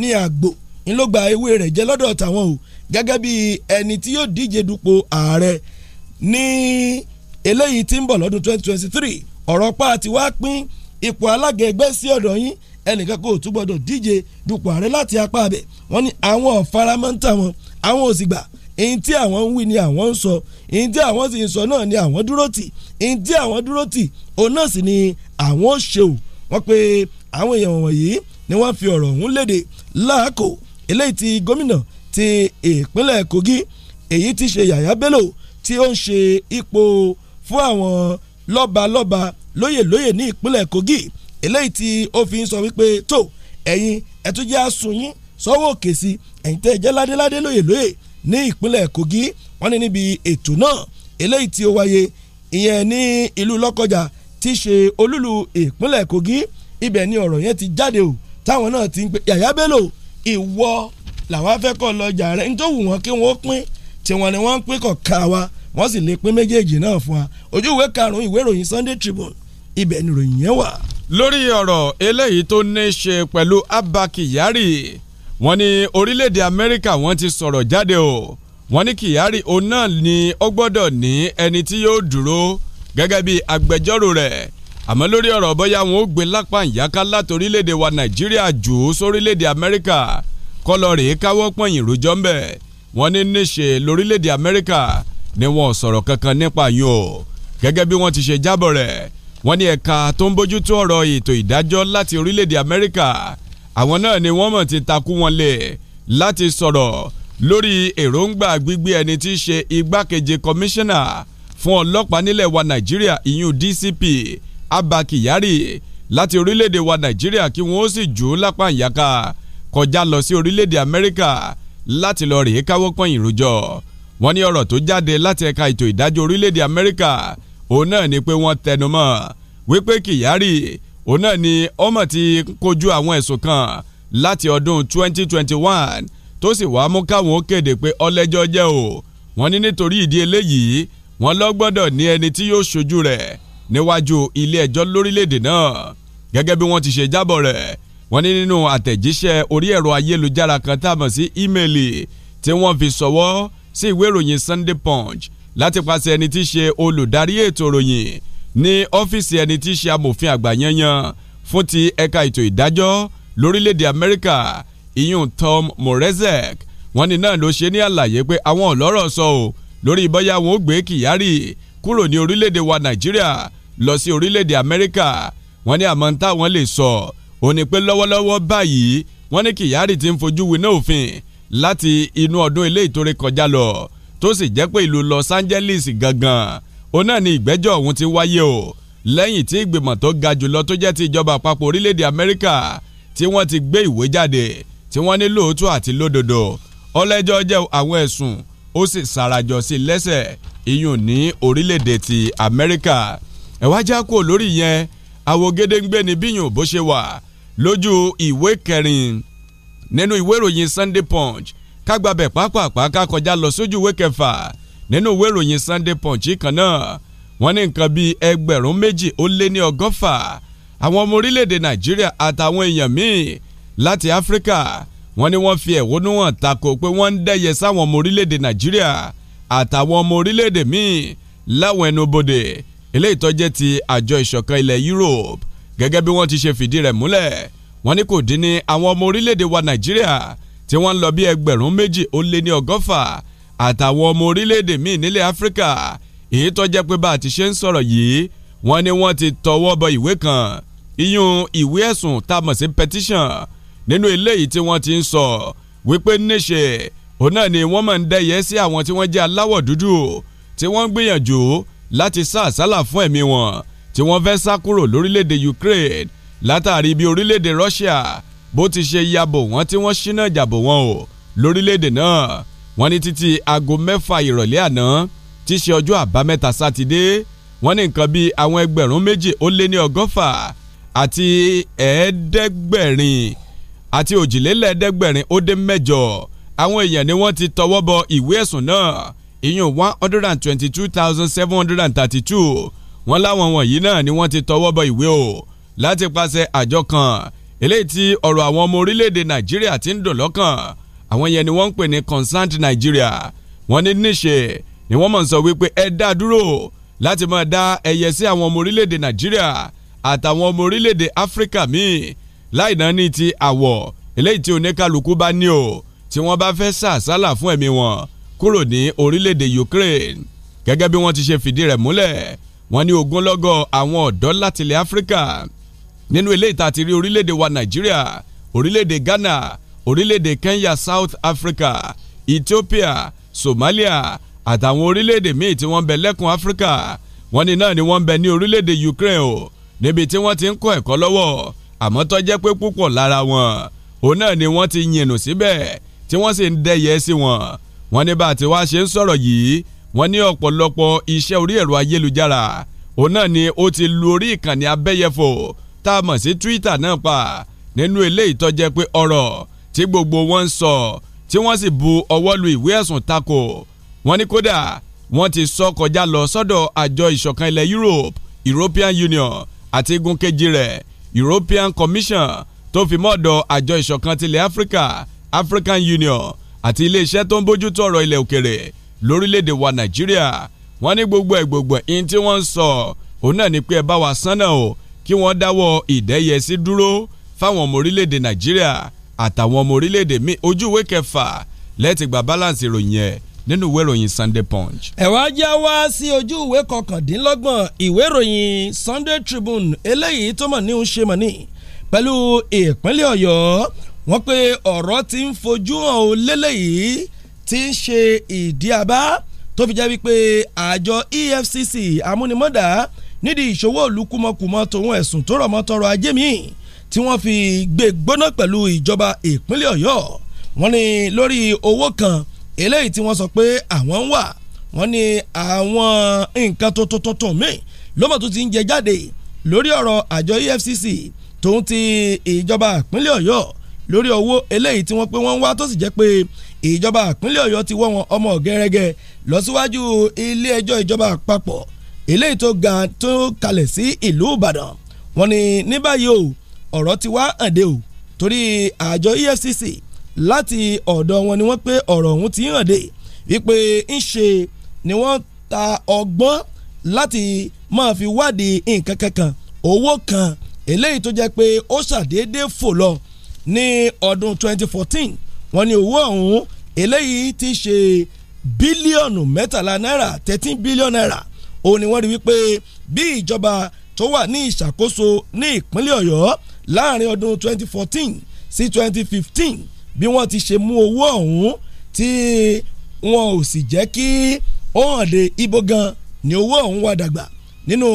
ní àgbò ńlọgba ewé rẹ̀ jẹ́ lọ́dọ̀ tàwọn o gẹ́gẹ́ bí ẹni tí yóò díje dupò ààrẹ ní eléyìí tí ń bọ̀ lọ́dún 2023 ọ̀rọ̀ pa àti wá pín ipò alága ẹgbẹ́ sí ọ̀dọ̀ yín ẹnìkan kò tún gbọdọ̀ díje dupò ààrẹ láti apá abẹ wọ́n ní àwọn ọ̀faramọ́ntà wọn àwọn ò sì gbà èyí tí àwọn ń wí ni àwọn ń sọ èyí tí àwọn sì ń sọ náà ni àwọn dúró tì èyí tí àwọn dúró tì òun náà sì ni àwọn ò ṣe ò wọ́n pe àwọn èèyàn wọ̀nyí ni wọ́n fi ọ̀rọ̀ ọ̀hún léde láàkó eléyìí ti gómìnà ti ìpínlẹ̀ Kogi èyí ti ṣe Yàyà Bello tí ó ń ṣe ipò fún àwọn lọ́balọ́ba lóyèlóyè ní ìpínlẹ̀ Kogi eléyìí tí ó fi ń sọ wípé tó ẹ̀yin ẹ̀túnjẹ́ àsùnyín sọ́wọ́ òkè sí ẹ̀yin tẹ́ ẹ jẹ́ ládéládé lóye lóye ní ìpínlẹ̀ Kogi wọ́n ní níbi ètò náà eléyìí tí ó wáyé ìyẹn ní ìlú Lọ́kọjà tí ṣe olúlu ìpínlẹ̀ Kogi ibẹ̀ ni ọ̀rọ̀ yẹn ti jáde o táwọn náà ti ń pe Yàyà Bello ìwọ làwọn afẹ́kọ̀ọ́ lọ́jà rẹ̀ nítorí wù wọ́n kí wọ́n pín tí wọ́n ní wọ́n ń pín kọ̀ọ̀ka wa wọ́n sì lè pín méjèèjì náà fún wa ojú ìwé karùn-ún ìwé ìròyìn Sunday Tribune ibẹ̀ nìròyìn yẹn wà. lórí ọ̀rọ̀ eléyìí tó ní í ṣe pẹ̀lú Abba Kyari wọ́n ní orílẹ̀-èdè Amẹ́ríkà wọ́n ti sọ̀rọ̀ jáde o wọ́n ní Kyari òun náà ni ó gbọ́dọ̀ ní ẹni tí yóò dúró gẹ́gẹ́ bí agbẹjọ́rò rẹ̀ àmọ́ lórí ọ̀rọ̀ bóyá wọn ó gbé lápá ìyáká láti orílẹ̀-èdè wa Nàìjíríà jù ú sórílẹ̀-èdè Amẹ́ríkà kọ́lọ́ rèé káwọ́ pọ̀nyìn rojọ́ ń bẹ̀ wọ́n ní níṣe lórílẹ̀-èdè Amẹ́ríkà ni wọn ò sọ̀rọ̀ kankan nípa yìí o gẹ́gẹ́ bí wọ́n ti ṣe jábọ̀ rẹ̀ wọ́n ní ẹ̀ka tó ń bójútó ọ̀rọ̀ ètò ìdájọ́ láti orílẹ̀-èdè Amẹ́ríkà àwọn náà ni wọ́n mọ̀ ti takú wọn lẹ̀ láti sọ̀rọ̀ lórí èròǹgbà gbígbé ẹni tí í ṣe igbákejì kọmíṣánná fún ọlọ́pàá nílẹ̀ wa Nàìjíríà ìyún DCP Abba Kyari láti orílẹ̀-èdè wa Nàìjíríà kí wọ́n ó sì jù ú lápá ìyáka kọjá lọ sí orílẹ̀-èdè Amẹ́ríkà láti lọ rèé káwọ́ pọ́n ìròjọ́ wọ́n ní ọ̀rọ̀ tó jáde láti ẹ̀ka ètò ìdájọ́ orílẹ̀-èdè Amẹ́ríkà òun náà ni pé wọ́n tẹnumọ́ wípé Kyari òun náà ni ọmọ ti kojú àwọn ẹ̀sùn kan láti ọdún 2021 tó sì wá mú káwọn ó kéde pé ọlẹ́jọ́ jẹ́ o wọ́n ní nítorí ìdí eléyìí wọ́n lọ gbọ́dọ̀ ní ẹni tí yóò ṣojú rẹ̀ níwájú ilé ẹjọ́ lórílẹ̀‐èdè náà gẹ́gẹ́ bí wọ́n ti ṣe jábọ̀ rẹ̀ wọ́n ní nínú àtẹ̀jíṣẹ́ orí ẹ̀rọ ayélujára kan tá a mọ̀ sí ímeèlì tí wọ́n fi ṣọwọ́ sí ìwé ìròyìn Sunday Punch láti pàṣẹ ẹni tí í ṣe olùdarí ètò ìròyìn ní ọ́fíìsì ẹni tí í ṣe amòfin àgbà yanyan fún ti ẹ̀ka ètò ìdájọ́ lórílẹ̀‐èdè Amẹ́ríkà ìyún Tom Morezek wọ́n ní náà ló ṣe ní àlàyé pé àwọn ọ̀lọ́rọ̀ sọ ò lórí bóyá wọn ó gbé Kyari kúrò ní orílẹ̀‐èdè wa Nàìjíríà lọ sí orílẹ̀‐èdè Amẹ́ríkà wọ́n ní àmọ́ táwọn lè sọ ò ní pé lọ́wọ́lọ́wọ́ báyìí wọ́n ní Kyari ti ń fojú winá òfin láti inú ọdún eléyìí tó kọjá lọ tó sì jẹ́ pé ìlú Los Angeles gangan òun náà ni ìgbẹ́jọ́ ọ̀hún ti wáyé o lẹ́yìn tí ìgbìmọ̀ tó ga jùlọ tó jẹ́ ti ìjọba àpapọ̀ orílẹ̀-èdè Amẹ́ríkà tí wọ́n ti gbé ìwé jáde tí wọ́n ní lóòótọ́ àti lódodo ọlẹ́jọ́ jẹ́ àwọn ẹ̀sùn ó sì sàràjọ sí lẹ́sẹ̀ iyùn ní orílẹ̀-èdè ti Amẹ́ríkà ẹ̀wájá kò lórí yẹn àwògedengbe ni bíyùn bó ṣe wà lójú ìwé kẹrin nínú ìwé ìròyìn Sunday Punch kágbàbẹ̀ pápápá ká kọjá lọ sójú ìwé kẹfà nínú ìwé ìròyìn Sunday Punch kan náà wọ́n ní nǹkan bíi ẹgbẹ̀rún méjì ó lé ní ọgọ́fà àwọn ọmọ orílẹ̀-èdè Nàìjíríà àtàwọn èèyàn míì láti Áfíríkà wọ́n ní wọ́n fi ẹ̀hónú hàn tako pé wọ́n ń dẹ́yẹ sáwọn ọmọ orílẹ̀-èdè Nàìjíríà àtàwọn ọmọ orílẹ̀-èdè míì láwọn ẹnubodè eléyìí tó jẹ́ ti àjọ ìṣọ̀kan ilẹ̀ Europe gẹ́gẹ́ bí wọ́n ti ṣe fìdí rẹ̀ múlẹ̀ wọ́n ní kò dín ní àwọn ọmọ orílẹ̀-èdè wa Nàìjíríà tí wọ́n ń lọ bí ẹgbẹ̀rún méjì ó lé ní ọgọ́fà àtàwọn ọmọ orílẹ̀-èdè míì nílẹ̀ Áfíríkà èyí tó jẹ́ pé bá a ti ṣe ń sọ̀rọ̀ yìí wọ́n ní wọ́n ti tọwọ́ bọ ìwé kan iyún ìwé ẹ̀sùn tá a mọ̀ sí petition nínú eléyìí tí wọ́n ti ń sọ wípé níṣe òun náà ni wọ́n máa ń dẹyẹ sí àwọn tí wọ́n jẹ́ aláwọ̀ dúdú tí wọ́n ń gbìyànjú láti sá àsálà fún ẹ̀mí wọn tí wọ́n fẹ́ sá kúrò lórílẹ̀‐èdè Ukraine látàrí bí orílẹ̀‐èdè Russia bó ti ṣe ya bò wọ́n tí wọ́n ṣínà jàbò wọn o lórílẹ̀‐èdè náà wọ́n ní títí aago mẹ́fà ìrọ̀lẹ́ àná tí ṣe ọjọ́ àbámẹ́ta sátidé wọ́n ní nǹkan bíi àwọn ẹgbẹ̀rún méjì ó lé ní ọgọ́fà àti ẹ̀ẹ́dẹ́gbẹ̀rin àti òjìlélẹ́ẹ̀ẹ́dẹ́gbẹ̀rin ó dé mẹ́jọ àwọn èèyàn ni wọ́n ti tọwọ́ bọ ìwé ẹ̀sùn náà ìyún one hundred and twenty-two thousand seven hundred and thirty-two wọ́n láwọn wọ̀nyí náà ni wọ́n ti tọwọ́ bọ ìwé o láti pàṣẹ àjọ kan eléyìí tí ọ̀rọ̀ àwọn ọmọ orílẹ̀-èdè nàìjíríà ti ń dùn lọ́kàn àwọn yẹn ni wọ́n ń pè ní concerned nàìjíríà wọ́n ní níṣe ni wọ́n mọ̀ ń sọ wípé ẹ dá dúró láti máa dá ẹyẹ sí àwọn ọmọ orílẹ̀-èdè nàìjíríà àtàwọn ọmọ orílẹ̀-èdè áfíríkà míì láì náà ní ti àwọ̀ eléyìí tí oníkálukú bá ní o tí wọ́n bá fẹ́ sàsálà fún ẹ̀mí wọn kúrò ní orílẹ̀-èdè Ukraine gẹ́gẹ́ bí wọ́n ti ṣe fìdí rẹ̀ múlẹ̀ wọ́n ní ogunlọ́gọ̀ àwọn ọ̀dọ́ látilẹ̀ Áfíríkà nínú ilé ìta orílẹ̀-èdè wa nàìjíríà orílẹ̀-èdè ghana orílẹ̀-èdè kenya south africa ethiopia somalia àtàwọn orílẹ̀-èdè míì tí wọ́n bẹ lẹ́kùn africa wọ́n ní náà ni wọ́n bẹ ní orílẹ̀-èdè ukraine o níbi tí wọ́n ti ń kọ́ ẹ̀kọ́ lọ́wọ́ àmọ́ tó jẹ́ pé púpọ̀ lára wọn òun náà ni wọ́n ti yìnbọn no síbẹ̀ tí wọ́n sì ń dẹ́yẹ sí wọn wọ́n ní bá a ṣe ń sọ̀rọ̀ yìí wọ́n ní ọ̀pọ̀lọpọ̀ iṣẹ́ orí ẹ̀rọ ayélujára òun náà ni ó ti lu orí ìkànnì abẹ́yẹfò tá a mọ̀ sí Twitter náà pa nínú eléyìí tó pé ọ̀rọ̀ tí gbogbo wọn ń sọ tí wọ́n sì bu ọwọ́ lu ìwé ẹ̀sùn tako wọ́n ní kódà wọ́n ti sọ kọjá lọ sọ́dọ̀ àjọ ìṣọ̀kan ilẹ̀ Europe European Union àti igun kejì rẹ̀ European Commission tó fi mọ́ọ̀dọ̀ àjọ ìṣọ̀kan tilẹ̀ Africa African Union àti iléeṣẹ́ tó ń bójútó ọ̀rọ̀ ilẹ̀ òkèrè lórílẹ̀‐èdè wa Nàìjíríà wọ́n ní gbogbo ẹ̀ gbogbo ẹ̀ ní tí wọ́n ń sọ òun náà ni pé ẹ bá wa sánà o kí wọ́n dáwọ́ ìdẹ́yẹsí dúró fáwọn ọmọ orílẹ̀-èdè nàìjíríà àtàwọn ọmọ orílẹ̀-èdè míì ojú ìwé kẹfà lẹ́tìgbà balance ìròyìn ẹ̀ nínú ìwé ìròyìn Sunday Punch. ẹ wá já wá sí ojú ìwé kọkàndínlọ́gbọ̀n ìwé ìròyìn Sunday Tribune eléyìí tó mọ̀ ní ń ṣe mọ̀ ní pẹ̀lú ìpínlẹ̀ Ọ̀yọ́ wọ́n pé ọ̀rọ̀ ti ń fojú hàn ó lélẹ́yìí ti ń ṣe ìdí abá tó fi jẹ́ wípé àjọ EFCC amúnimọ́dà nídìí ìṣòwò òlu kúmọkùmọ tòun ẹ̀sùn tó rọ̀ mọ́ tọrọ ajé mi tí wọ́n fi gbé gbóná pẹ̀lú ìjọba ìpínlẹ̀ ọ̀yọ́ wọ́n ní lórí owó kan eléyìí tí wọ́n sọ pé àwọn ń wà wọ́n ní àwọn nǹkan tuntun tuntun míì lọ́mọ̀ tó ti ń jẹ jáde lórí ọ̀rọ̀ àjọ EFCC tòun ti ìjọba ìpínlẹ̀ ọ̀yọ́ lórí owó eléyìí tí wọ́n pé wọ́n ń wá tó sì jẹ́ pé ìjọba ìpínlẹ̀ ọ̀yọ́ ti wọ́ wọn ọmọ gẹ́rẹ́gẹ́ lọ síwájú ilé ẹjọ́ ìjọba àpapọ̀ eléyìí tó ga tó kalẹ̀ sí ìlú Ìbàdàn wọ́n ní ní báyìí o ọ̀rọ̀ ti wá hànde o torí àjọ EFCC láti ọ̀dọ̀ wọn ni wọ́n pé ọ̀rọ̀ ọ̀hún ti hànde wípé ń ṣe ni wọ́n ta ọgbọ́n láti máa fi wádìí nǹkan kankan owó kan eléyìí tó jẹ́ pé ó ṣàdédé fò lọ ní ọdún 2014 wọ́n ní owó ọ̀hún eléyìí ti ṣe bílíọ̀nù mẹ́tàlá náírà thirteen bílíọ̀nù náírà òun ni wọ́n rí wípé bí ìjọba tó wà ní ìṣàkóso ní ìpínlẹ̀ ọ̀yọ́ láàrin ọdún 2014 sí 2015 bí wọ́n ti ṣe mú owó ọ̀hún tí wọn ò sì jẹ́ kí ó hàn dé ibo gan ni owó ọ̀hún wà dàgbà nínú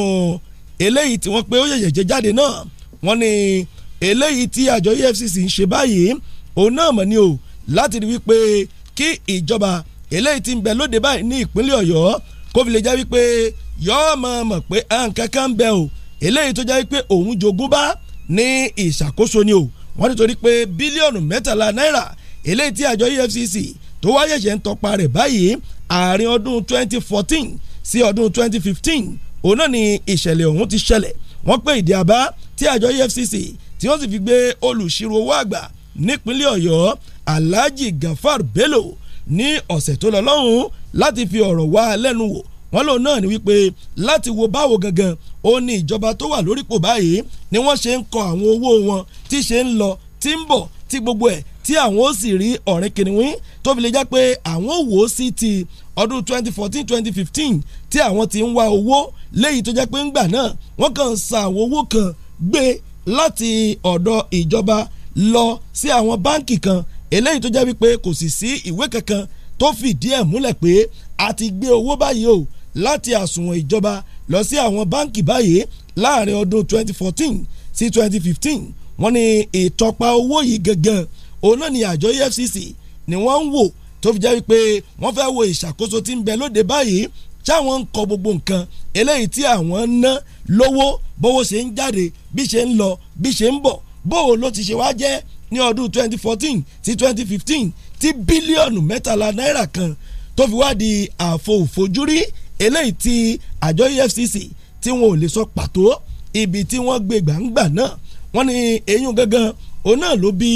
eléyìí tí wọ́n pé ó yẹ̀yẹ̀ jẹ́ jáde náà wọ́n ní eléyìí tí àjọ EFCC ń ṣe báyìí òun náà mọ̀ ni o láti rí wípé kí ìjọba eléyìí tí ń bẹ lóde báyìí ní ìpínlẹ̀ ọ̀yọ́ kó fi lè jẹ́ wípé yọ́ọ́ mọ̀ mọ̀ pé nǹkan kan o eléyìí tó jẹ́ wípé òun jogún bá ní ìṣàkóso ni o wọ́n nítorí pé bílíọ̀nù mẹ́tàlá náírà eléyìí tí àjọ EFCC tó wá ṣẹ̀ṣẹ̀ ń tọpa rẹ̀ báyìí àárín ọdún 2014 sí ọdún 2015 òun náà ni ìṣẹ̀lẹ̀ ọ̀hún ti ṣẹlẹ̀ wọ́n pé ìdí àbá tí àjọ EFCC tí wọ́n sì fi gbé olùṣirò owó àgbà nípínlẹ̀ Ọ̀yọ́ Alhaji Gafar Bello ní ọ̀sẹ̀ tó lọ lọ́hùn-ún láti fi ọ̀rọ̀ wá lẹ́nu wò wọ́n lòun náà ni wípé láti wo báwo gangan ó ní ìjọba tó wà lórípò báyìí ni wọ́n ṣe ń kọ àwọn owó wọn tí ṣe ń lọ tí ń bọ̀ tí gbogbo ẹ̀ tí àwọn ó sì rí ọ̀rìn kìnìún tó fi lè jẹ́ pé àwọn wò ó sí ti ọdún 2014 2015 tí àwọn ti ń wá owó léyìí tó jẹ́ pé ńgbà náà wọ́n kàn ń sa àwọn owó kan gbé láti ọ̀dọ̀ ìjọba lọ sí àwọn báǹkì kan eléyìí tó jẹ́ wípé kò sì sí ìwé kankan tó fìdí ẹ̀ múlẹ̀ pé a ti gbé owó báyìí o láti àsùnwọ̀n ìjọba lọ sí àwọn báǹkì báyìí láàrin ọdún 2014 sí 2015 wọ́n ní ìtọpa owó yìí gangan òun náà ni àjọ EFCC ni wọ́n ń wò tó fi jẹ́ wípé wọ́n fẹ́ wo ìṣàkóso tí ń bẹ lóde báyìí táwọn ń kọ gbogbo nǹkan eléyìí tí àwọn ń ná lówó bówó ṣe ń jáde bí ṣe ń lọ bí ṣe ń bọ̀ bóò ló ti ṣe wá jẹ́ ní ọdún 2014 sí 2015 tí bílíọ̀nù mẹ́tàlá náírà kan tó fi wá di àfòfojúrí eléyìí tí àjọ EFCC tí wọn ò lè sọ pàtó ibi tí wọ́n gbé gbàǹgbà náà wọ́n ní eyín gangan òun náà ló bí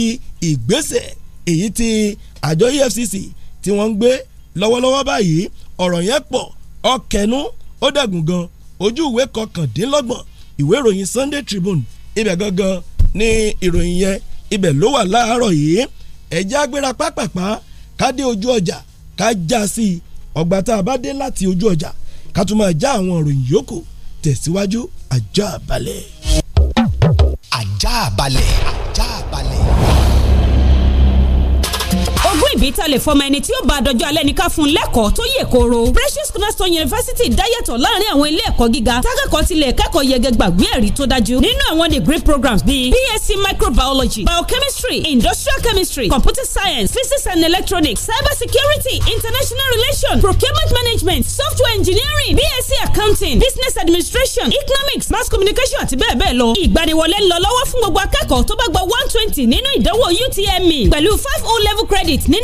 ìgbésẹ̀ èyí tí àjọ EFCC tí wọ́n ń gbé lọ́wọ́lọ́wọ́ báyìí ọ̀rọ̀ yẹn pọ̀ ọkẹnu ó dẹ̀gùn gan ojú ìwé kọkàndínlọ́gbọ̀n ìwé ìròyìn Sunday Tribune ibẹ̀ gangan ní ìròyìn yẹn ibẹ̀ ló wà láàárọ̀ yìí ẹ̀já agbéra pápápá ká dé ojú ọjà ká já sí i ọgbà tá a bá dé láti ojú ọjà ká tún máa já àwọn òròyìn yòókù tẹ̀síwájú àjàbalẹ̀. àjàbalẹ̀ àjàbalẹ̀ ibi tá a lè fọmọ ẹni tí ó bá àdọ́jọ́ alẹ́ ní ká fún lẹ́kọ̀ọ́ tó yè koro. Precious Cornerstone University dáyàtọ̀ láàrin àwọn ilé ẹ̀kọ́ gíga tákàkọ́ ti lè kẹ́kọ̀ọ́ yege gbàgbé ẹ̀rí tó dájú nínú àwọn degree programs bíi BSc microbiology biochemistry industrial chemistry computer science physics and electronics cyber security international relations procurement management software engineering BSc accounting business administration economics mass communication àti bẹ́ẹ̀ bẹ́ẹ̀ lọ. ìgbaniwọlé ń lọ lọ́wọ́ fún gbogbo akẹ́kọ̀ọ́ tó bá gba one twenty nínú ìdánwò UTME pẹ̀lú five o level credit nínú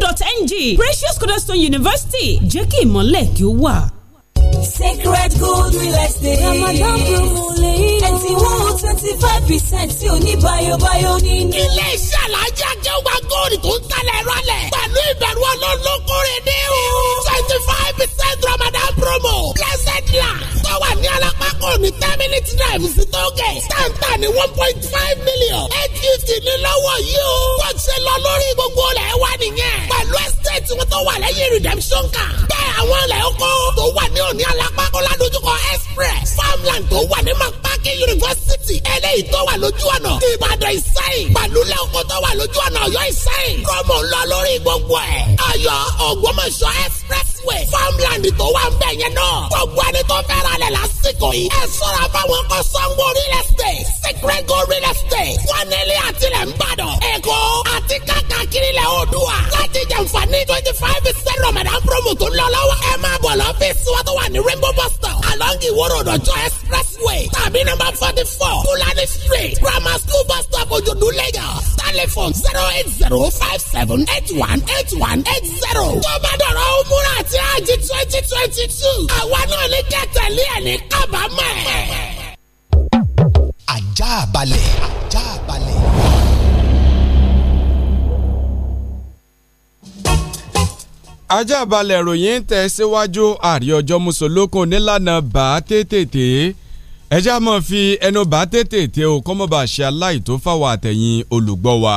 edu.ng Precious Cornerstone University jẹ́ kí ìmọ̀lẹ̀ kí ó wà. Sacred Gold Real Estate. Ramadan promo lè yí. Ẹ̀sìn twenty oh five percent tí oníbayobayo ní. Ilé iṣẹ́ alájà jẹ́ wá góòlù tó ń talẹ̀ rọlẹ̀. Pẹ̀lú ìbẹ̀rù ọlọ́lọ́kùnrin ní o. Twenty five percent Ramadan promo. Blessed land. Tó wà ní ala kò ní ten minute drive sí tóge tàǹtà ní one point five million eight fifty ní lọ́wọ́ yìí o kò ṣe lọ lórí gbogbo rẹ̀ wá nìyẹn pẹ̀lú estate wọn tó wà lẹ́yìn redemption kan bẹ́ẹ̀ àwọn ilẹ̀ oko tó wà ní òní alápákọ́lá dojúkọ express farmland tó wà ní makpaki university eléyìí tó wà lójú ọ̀nà ìbàdàn ìsẹ́yìn pẹ̀lú ilẹ̀ oko tó wà lójú ọ̀nà ọ̀yọ́ ìsẹ́yìn promo ńlọ lórí gbogbo ẹ̀ ọ̀yọ́ ògbómọ̀ṣọ́ expressway farmland tó wà ń bẹ̀ yẹn náà gbogbo ẹni tó fẹ́ràn lẹ̀ lásìkò yìí ẹ sọ̀rọ̀ àbáwọn kọ́ sango real estate secret go real estate wanilé àtìlẹ̀ ńbàdàn èkó àti kákàkiri lẹ̀ odua láti jàǹfààní twenty five percent ramadan promo tó ń lọ lọ́wọ́ ẹ máa bọ̀ lọ́fíìsì wa tó wà ní rainbow bus stop along iworo ọ̀dọ̀jọ́ expressway tàbí number forty four kulani street grammar school bus stop ojoodu lagos telephone zero eight zero five seven eight one eight one eight zero tó bá dọ̀rọ̀ òmùra àti àjì twenty twenty two àwa náà lè kẹ́tẹ̀lé ẹ̀ ní kábàámọ̀. Ajabale, Ajabale. Ajabale, ajá balẹ̀. ajá balẹ̀ ròyìn tẹ̀ síwájú àrí ọjọ́ mùsùlùkùn nílànà bá tètè ẹjẹ́ àmọ́ fi ẹnu bá tètè o kọ́mọ́ bá ṣe aláìtó fáwọn àtẹ̀yìn olùgbọ́ wa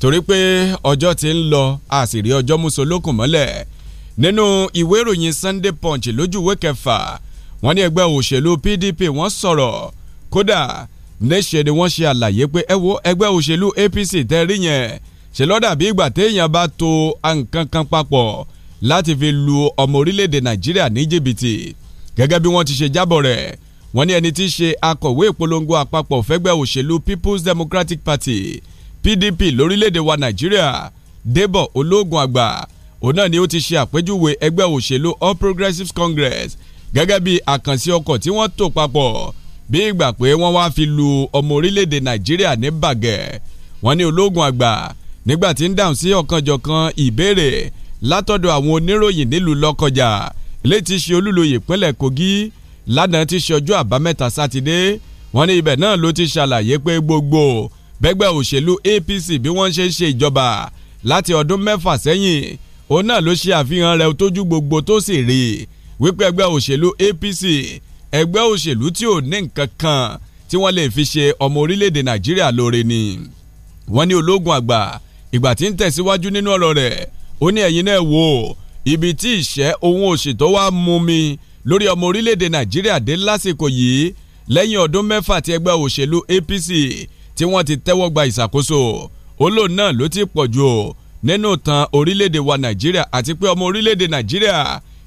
torí pé ọjọ́ ti ń lọ àṣírí ọjọ́ mùsùlùkùn mọ́lẹ̀ nínú ìwé ìròyìn Sunday Punch lójú ìwé kẹfà wọ́n ní ẹgbẹ́ òṣèlú PDP wọ́n sọ̀rọ̀ kódà níṣẹ́ ni wọ́n ṣe àlàyé pé ẹ wo ẹgbẹ́ òṣèlú APC tẹ́ rí yẹn ṣe lọ́dà bí ìgbà téèyàn bá to nǹkan kan papọ̀ láti fi lu ọmọ orílẹ̀-èdè Nàìjíríà ní jìbìtì gẹ́gẹ́ bí wọ́n ti ṣe jábọ̀ rẹ̀ wọ́n ní ẹni tí í ṣe akọ̀wé ìpolongo àpapọ̀ fẹ́gbẹ́ òṣèlú People's Democratic Party PDP lórílẹ̀-èdè wa Nàìjíríà Débọ̀ Ológun Àgbà òun náà ni ó ti ṣe àpèjúwe ẹgbẹ́ òṣèlú All Progressives Congress gẹ́gẹ́ bí àkànṣe ọkọ̀ tí wọ́n tò papọ̀ bí ìgbà pé wọ́n wá fi lu ọmọ orílẹ̀-èdè nàìjíríà ní bàgẹ́ wọ́n ní ológun àgbà nígbà tí ń dáhùn sí ọ̀kanjọ̀kan ìbéèrè látọ̀dọ̀ àwọn oníròyìn nílùú lọ́kọjà léyìí ti ṣe olúloyè ìpínlẹ̀ kogi lánàá ti ṣe ọjọ́ àbámẹ́ta sátidé wọ́n ní ibẹ̀ náà ló ti ṣàlàyé pé gbogbo bẹ́gbẹ́ òṣèlú apc bí wọ́n ṣe ń ṣe ìjọba láti ọdún mẹ́fà sẹ́yìn òun náà ló ṣe àfihàn rẹ̀ tójú gbogbo tó sì rí i wípé ẹgbẹ́ òṣèlú APC ẹgbẹ́ òṣèlú tí ò ní nǹkan kan tí wọ́n lè fi ṣe ọmọ orílẹ̀-èdè Nàìjíríà lóore ni wọ́n ní ológun àgbà ìgbà tí ń tẹ̀síwájú nínú ọ̀rọ̀ rẹ̀ ó ní ẹ̀yin náà wò ibi tí ìṣẹ́ ohun òṣì tó wá mú mi lórí ọmọ orílẹ̀-èdè Nàìjíríà dé lásìkò yìí lẹ́yìn ọdún mẹ́fà tí ẹgbẹ́ òṣèlú APC tí wọ́n ti tẹ́wọ́ gba ìṣàkóso olóòn náà ló ti pọ̀ jù nínú tan orílẹ̀-èdè wa Nàìjíríà àti pé ọmọ orílẹ̀-èdè Nàìjíríà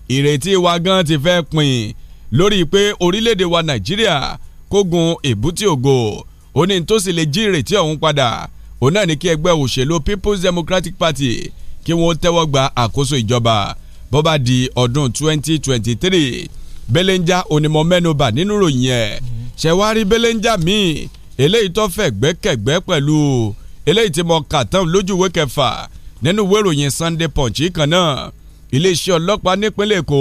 ìrètí wa gan ti fẹ́ pin lórí pé orílẹ̀-èdè wa nàìjíríà kógun èbúté ògo ó ní tó sì lè jí ìrètí ọ̀hún padà òun náà ní kí ẹgbẹ́ òṣèlú People's Democratic Party kí wọ́n tẹ́wọ́ gba àkóso ìjọba bó di ọdún 2023 Belenja onímọ̀ mẹ́nuba nínú ròyìn ẹ̀ ṣẹ̀wárí Belenja míì eléyìí tó fẹ́ gbẹ́kẹ̀gbẹ́ pẹ̀lú eléyìí tí mo kà tán lójúwé kẹfà nínú ìwé Sunday Punch kan náà iléeṣẹ́ ọlọ́pàá nípínlẹ̀ Èkó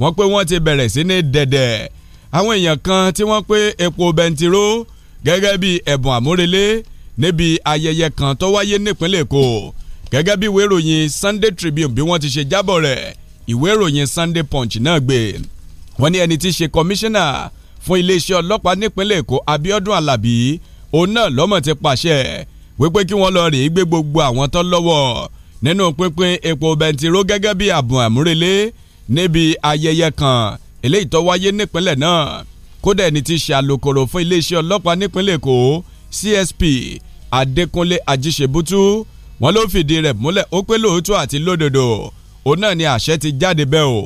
wọ́n pé wọ́n ti bẹ̀rẹ̀ sí ní dẹ̀dẹ̀ àwọn èèyàn kan tí wọ́n pé epo bẹntiró gẹ́gẹ́ bí ẹ̀bùn àmúrelé níbi ayẹyẹ kan tó wáyé nípínlẹ̀ Èkó gẹ́gẹ́ bí ìwé ìròyìn Sunday Tribune bí wọ́n ti ṣe jábọ̀ rẹ̀ ìwé ìròyìn Sunday Punch náà gbé wọ́n ní ẹni tí í ṣe kọmíṣánná fún iléeṣẹ́ ọlọ́pàá nípínlẹ̀ Èkó Abíọ́dún Alábí òun náà lọ́mọ̀ ti pàṣẹ wípé kí wọ́n lọ rèé gbé gbogbo àwọn tó lọ́wọ́ nínú pínpín epo bẹntiró gẹ́gẹ́ bí àbùn àmúrelé níbi ayẹyẹ kan eléyìí tó wáyé nípínlẹ̀ náà kódà ẹni tí ṣe alukoro fún iléeṣẹ́ ọlọ́pàá nípínlẹ̀ èkó CSP Adékúnlé Ajíṣebútú wọn ló fìdí rẹ̀ múlẹ̀ ó pé lóòótọ́ àti lódodo òun náà ni àṣẹ ti jáde bẹ́ẹ̀ o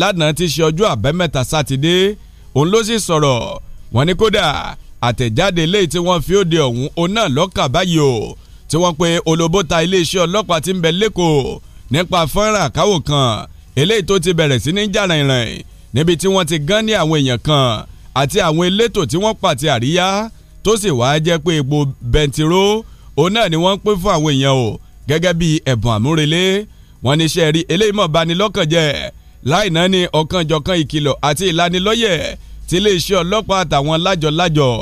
lánàá ti ṣe ọjọ́ àbẹ́mẹ́ta sátidé òun ló sì sọ̀rọ̀ wọn ni kódà àtẹ̀jáde eléyìí tí wọ́n fi ó de ọ̀hún òun náà lọ́kà báyìí o tí wọ́n pe olóbó ta iléeṣẹ́ ọlọ́pàá ti ń bẹ lẹ́kọ̀ọ́ nípa fọ́nrán àkáwò kan eléyìí tó ti bẹ̀rẹ̀ sí ní jàrìnrìn níbi tí wọ́n ti gán ní àwọn èèyàn kan àti àwọn elétò tí wọ́n pàtẹ àríyá tó sì wá jẹ́ pé epo bẹntiró òun náà ni wọ́n ń pè fún àwọn èèyàn o gẹ́gẹ́ bí ẹ̀bùn àmúrelé wọn ní iṣẹ́ rí eléyìí mọ̀ bá ní lọ́kàn jẹ́ láì náà ni ọ̀kanjọ̀kan ìkìlọ̀ àti ìlanilọ́yẹ̀ tí iléeṣẹ́ ọlọ́pàá àtàwọn lájọ̀lájọ̀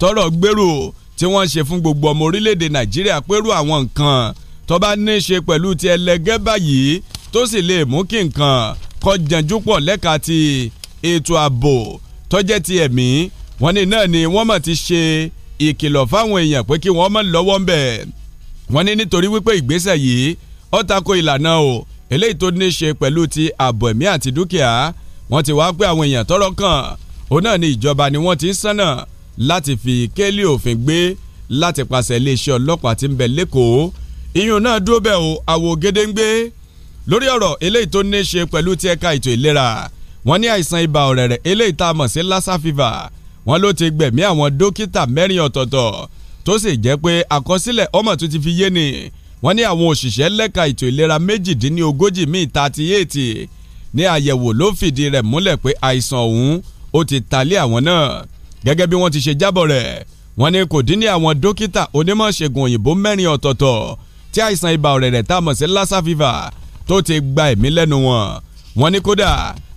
tọrọ gbèrò tí wọ́n ṣe fún gbogbo ọmọ orílẹ̀-èdè nàìjíríà pẹ̀lú àwọn nǹkan tó bá ní í ṣe pẹ̀lú ti ẹlẹgẹ́ báyìí tó sì lè mú kí nǹkan kọjànjú pọ̀ lẹ́ka ti ètò ààbò tọ́jẹ́ ti ẹ̀mí wọn ní náà ni wọ́n mọ̀ ti ṣe ìkìlọ̀ fáwọn èèyàn pé kí wọ́n mọ̀ lọ́wọ́ ńbẹ̀ wọn ní nítorí wípé ìgbésẹ̀ yìí ó tako ìlànà o eléyìí tó ní í ṣe pẹ̀lú ti ààbò ẹ̀mí àti dúkìá wọ́n ti wá pé àwọn èèyàn tọ́rọ̀ kàn òun náà ni ìjọba ni wọ́n ti ń sánà láti fi kélé òfin gbé láti pàṣẹ iléeṣẹ́ ọlọ́pàá tí ń bẹ lẹ́kọ̀ọ́ ìyún náà dúró bẹ́ẹ̀ o àwò gédéǹgbé lórí ọ̀rọ̀ eléyìí tó ní í ṣe pẹ̀lú ti ẹ̀ka ètò ìlera wọ́n ní àìsàn ibà ọ̀rẹ̀rẹ̀ eléyìí tá a mọ̀ sí lassa fever wọ́n ló ti gbẹ̀mí àwọn dókítà mẹ́rin ọ̀tọ̀ọ̀tọ̀ tó sì jẹ́ pé àkọsílẹ̀ ọmọ tó ti fi yé ni wọ́n ní àwọn òṣìṣẹ́ lẹ́ka ètò ìlera méjìdínlógójì míì thirty eight ní àyẹ̀wò ló fìdí rẹ̀ múlẹ̀ pé àìsàn ọ̀hún ó ti ta àwọn náà gẹ́gẹ́ bí wọ́n ti ṣe jábọ̀ rẹ̀ wọ́n ní kò dín ní àwọn dókítà onímọ̀ ṣègùn òyìnbó mẹ́rin ọ̀tọ̀ọ̀tọ̀ tí àìsàn ibà ọ̀rẹ̀rẹ̀ tá a mọ̀ sí lassa fever tó ti gba ẹ̀mí lẹ́nu wọn wọ́n ní kódà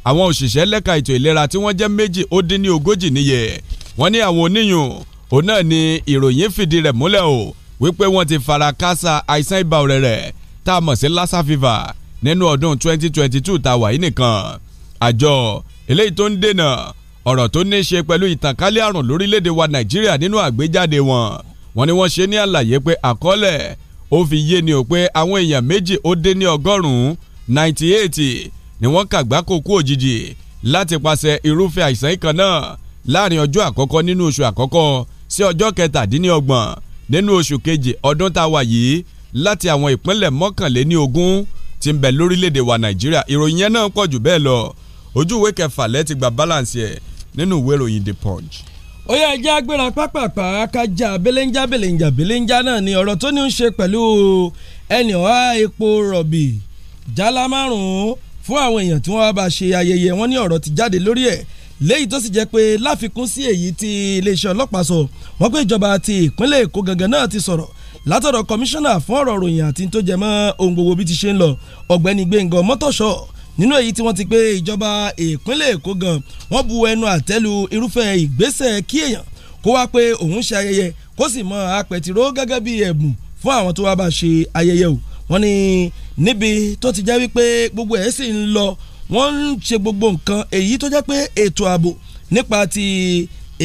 àwọn òṣìṣẹ́ lẹ́ka ètò ìlera tí wọ́n jẹ́ méjì ó dín ní ogójì níye wọ́n ní àwọn oníyùn òun náà ni ìròyìn fìdí rẹ̀ múlẹ̀ o wípé wọ́n ti fara káásá àìsàn ibà ọ̀rẹ̀rẹ̀ tá a mọ̀ sí lassa fever nínú ọdún 2022 tá a wà yìí nìkan àjọ eléyìí tó ń dènà ọ̀rọ̀ tó ní í ṣe pẹ̀lú ìtànkálẹ̀ àrùn lórílẹ̀‐èdè wa nàìjíríà nínú àgbéjáde wọn wọ́n ní wọ́n ṣe ní àlàyé pé àkọọ́lẹ̀ ó fi yé ni ò pé àwọn èèyàn méjì ó dé ní ọgọ́rùn-ún ninety eight ni wọ́n kàgbákò kú òjijì láti pàṣẹ irúfẹ́ àìsàn ìkan náà láàrin ọjọ́ àkọ́kọ́ nínú oṣù àkọ́kọ́ sí ọjọ́ kẹtàdínlọ́gbọ̀n nínú oṣù kejì ọdún tá a wà yìí láti àwọn ìpínlẹ̀ mọ́kànléní ogún ń bẹ lórílẹ̀‐èdè wa nàìjíríà ìròyìn yẹn náà pọ̀ jù bẹ́ẹ̀ lọ ojú kẹfà lẹ́ẹ̀ ti gba balance yẹn nínú ìwé ìròyìn The Punch. ó yẹ ẹjẹ́ agbéra pápápá kájà belenja belenja belenja náà ni ọ̀rọ̀ tó ní ń ṣe pẹ̀lú ẹnì ọ̀há epo rọ̀bì jálá márùn-ún fún àwọn èèyàn tí wọ́n bá ṣe ayẹyẹ wọn ní ọ̀rọ̀ ti jáde lórí ẹ̀ léyìí tó sì jẹ́ pé láfikún sí èyí tí iléeṣẹ́ ọlọ́pàá sọ wọ́n pé ìjọba ti ìpínlẹ̀ èkó gangan náà ti sọ̀rọ̀ látọ̀dọ̀ kọmíṣánná fún ọ̀rọ̀ ròyìn àti tó jẹ mọ́ ohun gbogbo bí ti ṣe ń lọ ọ̀gbẹ́ni gbẹ̀ngàn mọ́tòṣọ́ nínú èyí tí wọ́n ti pé ìjọba ìpínlẹ̀ èkó gan wọ́n bu ẹnu àtẹ́lu irúfẹ́ ìgbésẹ̀ kí èèyàn kó wá pé òun ṣe ayẹyẹ kó sì mọ apẹ̀tìró gẹ́gẹ́ bí ẹ̀bùn fún àwọn tó wá bá ṣe ayẹyẹ o wọ́n ní níbi tó ti jẹ́ wípé gbogbo ẹ̀ sì ń lọ wọ́n ń ṣe gbogbo nǹkan èyí tó jẹ́ pé ètò ààbò nípa ti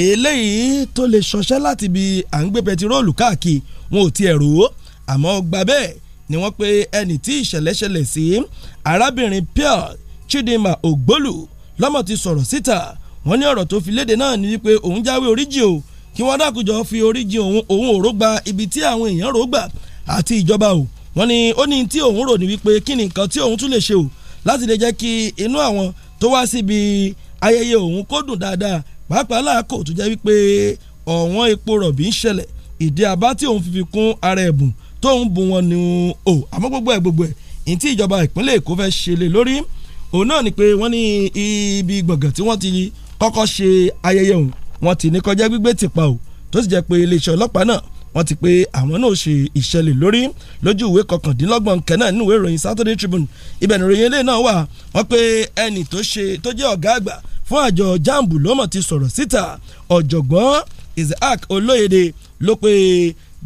eléyìí tó lè ṣọṣẹ́ láti ibi à ń gbé pẹtiróòlù káàkiri wọn ò tiẹ̀ rò ó àmọ́ gba bẹ́ẹ̀ ni wọ́n pe ẹni tí ìṣẹ̀lẹ̀ ṣẹlẹ̀ sí arábìnrin Pierre Chidinma Ogbolu lọ́mọ ti sọ̀rọ̀ síta wọ́n ní ọ̀rọ̀ tó fi léde náà ni wípé òun jáwé oríjì o kí wọ́n dákújọ fi oríjì òun òun òró gba ibi tí àwọn èèyàn rò àti ìjọba o wọ́n ní ó ní tí òun rò ní wípé kí ni nǹkan tí òun tún lè ṣe o láti lè jẹ́ kí inú àwọn tó wá síbi ayẹyẹ òun kó dùn dáadáa pàápàá láàkó tó jẹ́ wípé ọ̀wọ́n epo rọ̀bì ń ṣẹlẹ̀ ìdí abá tí òun fi fi kún ara ẹ̀bùn tóun bu wọn ni o àmọ́ gbogbo ẹ̀ gbogbo ẹ̀ ní tí ìjọba ìpínlẹ̀ Èkó fẹ́ ṣe lé lórí òun náà ni pé wọ́n ní ibi gbọ̀ngàn tí wọ́n ti kọ́kọ́ ṣe ayẹyẹ òun wọ́n ti ní kọjá gbígbé ti o tó sì jẹ́ pé iléeṣẹ́ ọlọ́pàá náà wọ́n ti pé àwọn náà ṣe ìṣẹ̀lẹ̀ lórí lójú ìwé kọkàndínlọ́gbọ̀n kẹ́nà nínú ìwé ìròyìn Saturday Tribune ibẹ̀ ni ìròyìn ilé náà wà wọ́n pé ẹni tó ṣe tó jẹ́ ọ̀gá àgbà fún àjọ jambu ló ti sọ̀rọ̀ síta ọ̀jọ̀gbọ́n Isaac Olóyèdè ló pé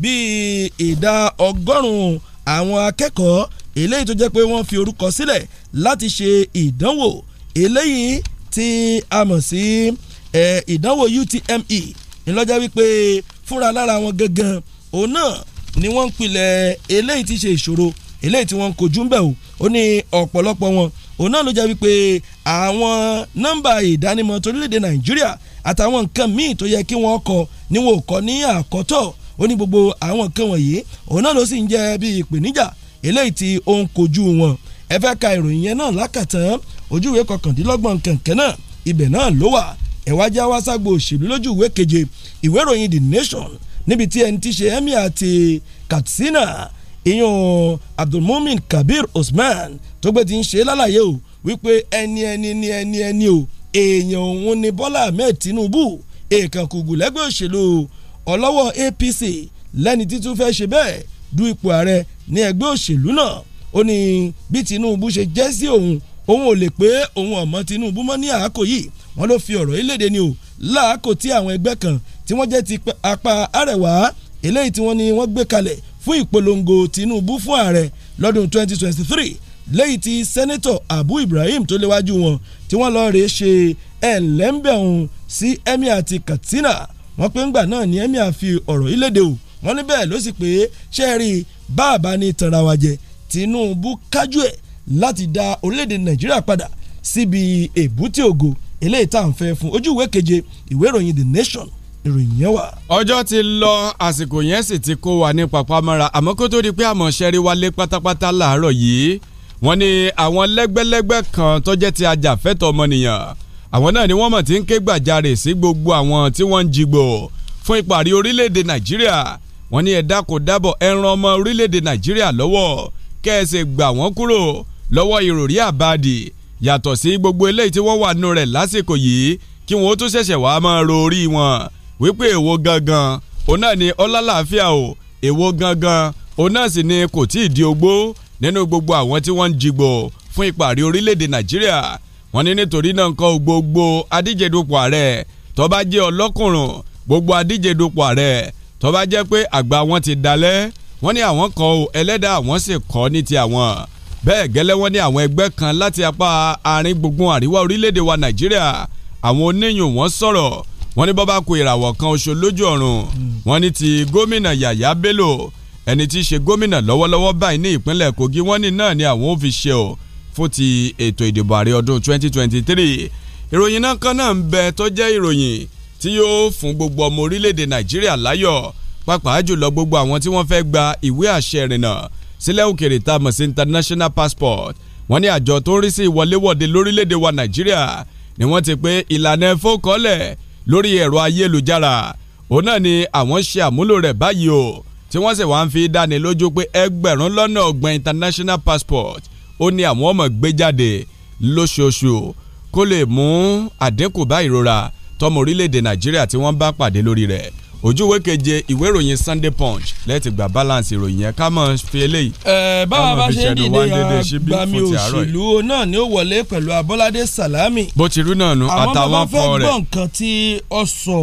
bíi ìdá ọgọ́rùn-ún àwọn akẹ́kọ̀ọ́ eléyìí tó jẹ́ pé wọ́n fi orúkọ sílẹ̀ láti ṣe ìdánwò eléyìí tí a mọ̀ sí ìdánwò UTME ńlọ́jà wípé fúnra lára wọn gangan òun náà ni wọ́n ń pilẹ̀ eléyìí ti ṣe ìṣòro eléyìí tí wọ́n ń kojú ń bẹ̀ o ó ní ọ̀pọ̀lọpọ̀ wọn òun náà ló jẹ́ wípé àwọn nọ́mbà ìdánimọ̀ torílẹ̀-èdè Nàìjíríà àtàwọn nǹkan míì tó yẹ kí wọ́n kọ ni wọn ò kọ ní àkọ́tọ̀ ó ní gbogbo àwọn nǹkan wọ̀nyí òun náà ló sì ń jẹ́ bí ìpèníjà eléyìí tí ó ń kojú wọn ẹ fẹ́ ka ìròyìn yẹn náà lákàtàn ojú ìwé kọkàndínlọ́gbọ̀n kẹ̀kẹ́ náà ibẹ̀ náà ló wà ẹ̀wájá wá ságbo òṣèlú lójú ìwé keje ìwé ìròyìn the nation níbi tí ẹni tí ṣe emir àti katsina ìyún abdulmumin kabir usman tó gbé ti ń ṣe lálàyé o wípé ẹni ẹni ni ẹni ẹni o èèyàn òun ni bọ́lá ahmed tinubu èèkàn kùgù lẹ́gbẹ́ òṣèlú ọlọ́wọ́ APC lẹ́ni títún fẹ́ ṣe bẹ́ẹ̀ du ipò ààrẹ ní ẹgbẹ́ òṣèlú náà ó ní bí Tinubu ṣe jẹ́ sí òun òun ò lè pé òun ọ̀mọ́ Tinubu mọ́ ní àákò yìí wọ́n ló fi ọ̀rọ̀ iléde ni o láàkò tí àwọn ẹgbẹ́ kan tí wọ́n jẹ́ ti apá àrẹwà eléyìí tí wọ́n ní wọ́n gbé kalẹ̀ fún ìpolongo Tinubu fún ààrẹ lọ́dún 2023 lẹ́yìn tí sẹ́nẹ́tọ̀ Abu Ibrahim tó léwájú wọn tí wọ́n lọ́ọ́ rèé ṣe ẹ̀ńlẹ́ńbẹ̀hún sí emir ti Katsina wọ́n pé ńgbà náà ni emir fi ọ̀rọ̀ yìí léde o wọ́n ní bẹ́ẹ̀ ló sì pé ṣe báàbá ní tanra wa jẹ Tinubu kájú ẹ̀ láti dá orílẹ̀-èdè Nàìjíríà padà síbi èbúté ògo eléyìí tá à ń fẹ́ fún ojú ìwé keje ìwé ìròyìn The Nation ìròyìn yẹn wà. ọjọ́ ti lọ àsìkò yẹn sì ti kó wa ní pàpàmọ́ra àmọ́ kó tó di pé àmọ̀ṣẹ́rí wálé pátápátá láàárọ̀ yìí wọ́n ní àwọn lẹ́gbẹ́lẹ́gbẹ́ kan tó jẹ́ ti ajàfẹ́tọ̀ ọmọnìyàn àwọn náà ni wọ́n mọ̀ tí ń ké gbàjarè sí gbogbo àwọn tí wọ́n ń jigbò fún ìparí orílẹ̀-èdè nàìjíríà wọ́n ní ẹ̀dá kò dábọ̀ ẹran ọmọ orílẹ̀-èdè nàìjíríà lọ́wọ́ kẹ́ẹ̀sì gbà wọ́n kúrò lọ́wọ́ ìròrí àbádì yàtọ̀ sí gbogbo eléyìí tí wọ́n wà nù rẹ̀ lásìkò yìí kí wọ́n tún ṣẹ̀ṣẹ̀ wá máa ro orí wọn wípé èwo gangan òun náà ni ọlálàáfíà o èwo gangan òun náà sì ni kò tí ì di ogbó nínú gbogbo àwọn tí wọ́n ń jigbò fún ìparí orílẹ̀-èdè nàìjíríà wọ́n ní nítorí náà nǹkan gbogbo adíjedupò ààrẹ tó bá jẹ́ ọlọ́kùnrùn gbogbo adíjedupò ààrẹ tó bá jẹ́ pé àgbà wọn ti dalẹ̀ wọ́n ní àwọn kọ́ ọ ẹlẹ́dàá àwọn sì kọ́ ní ti àwọn bẹ́ẹ̀ gẹ́lẹ́ wọ́n ní àwọn ẹgbẹ́ kan láti apá àárín gbùngbùn àríwá orílẹ̀ wa nàìjíríà àwọn oníyùn wọ́n sọ̀rọ̀ wọ́n ní bọ́bá kó ìràwọ̀ kan oṣù lójú ọ̀run wọ́n ní ti gómìnà yàyà bello ẹni tí í ṣe gómìnà lọ́wọ́lọ́wọ́ báyìí ní ìpínlẹ̀ kogi wọ́n ní náà ni àwọn ò fi ṣe o fún ti ètò ìdìbò ààrẹ ọdún 2023 ìròyìn náà kan náà ń bẹ tó jẹ́ ìròyìn tí yóò fún gbogbo ọmọ orílẹ̀-èdè nàìjíríà láyọ̀ pàápàá jùlọ gbogbo àwọn tí wọ́n fẹ́ gba ìwé àṣẹ ìrìnnà sílẹ̀ òkèèrè tá a mọ̀ sí international passport wọ́n ní àjọ tó ń rí sí ìwọléwọ̀de lórílẹ̀‐èdè wa nàìjíríà ni wọ́n ti pé ìlànà ẹ̀fọ́kọ́lẹ̀ lórí ẹ̀rọ ayélujára òun náà ni àwọn ṣe àmúlò rẹ̀ báyìí o tí wọ́n sì wá ń fi dáni lójú pé ẹgbẹ̀rún lọ́nà ọgbọ̀n international passport ó ní àwọn ọmọ gbé jáde lóṣooṣù kó lè mú àdínkù bá ìrora tọmọ orílẹ̀-èdè nàìjíríà tí wọ́n bá pàdé lórí rẹ̀ ojúwe keje ìwé ìròyìn Sunday Punch lẹ́tì gba balance ìròyìn yẹn ká mọ̀ fi eléyìí. ẹ báwa bá ṣe ń dìde àgbàmì òṣèlú náà ni ó wọlé pẹ̀lú Abọ́ládé Salami. bó ti rú náà nu àtàwọn fọ rẹ̀. àwọn bá fẹ́ gbọ́ nǹkan tí ó sọ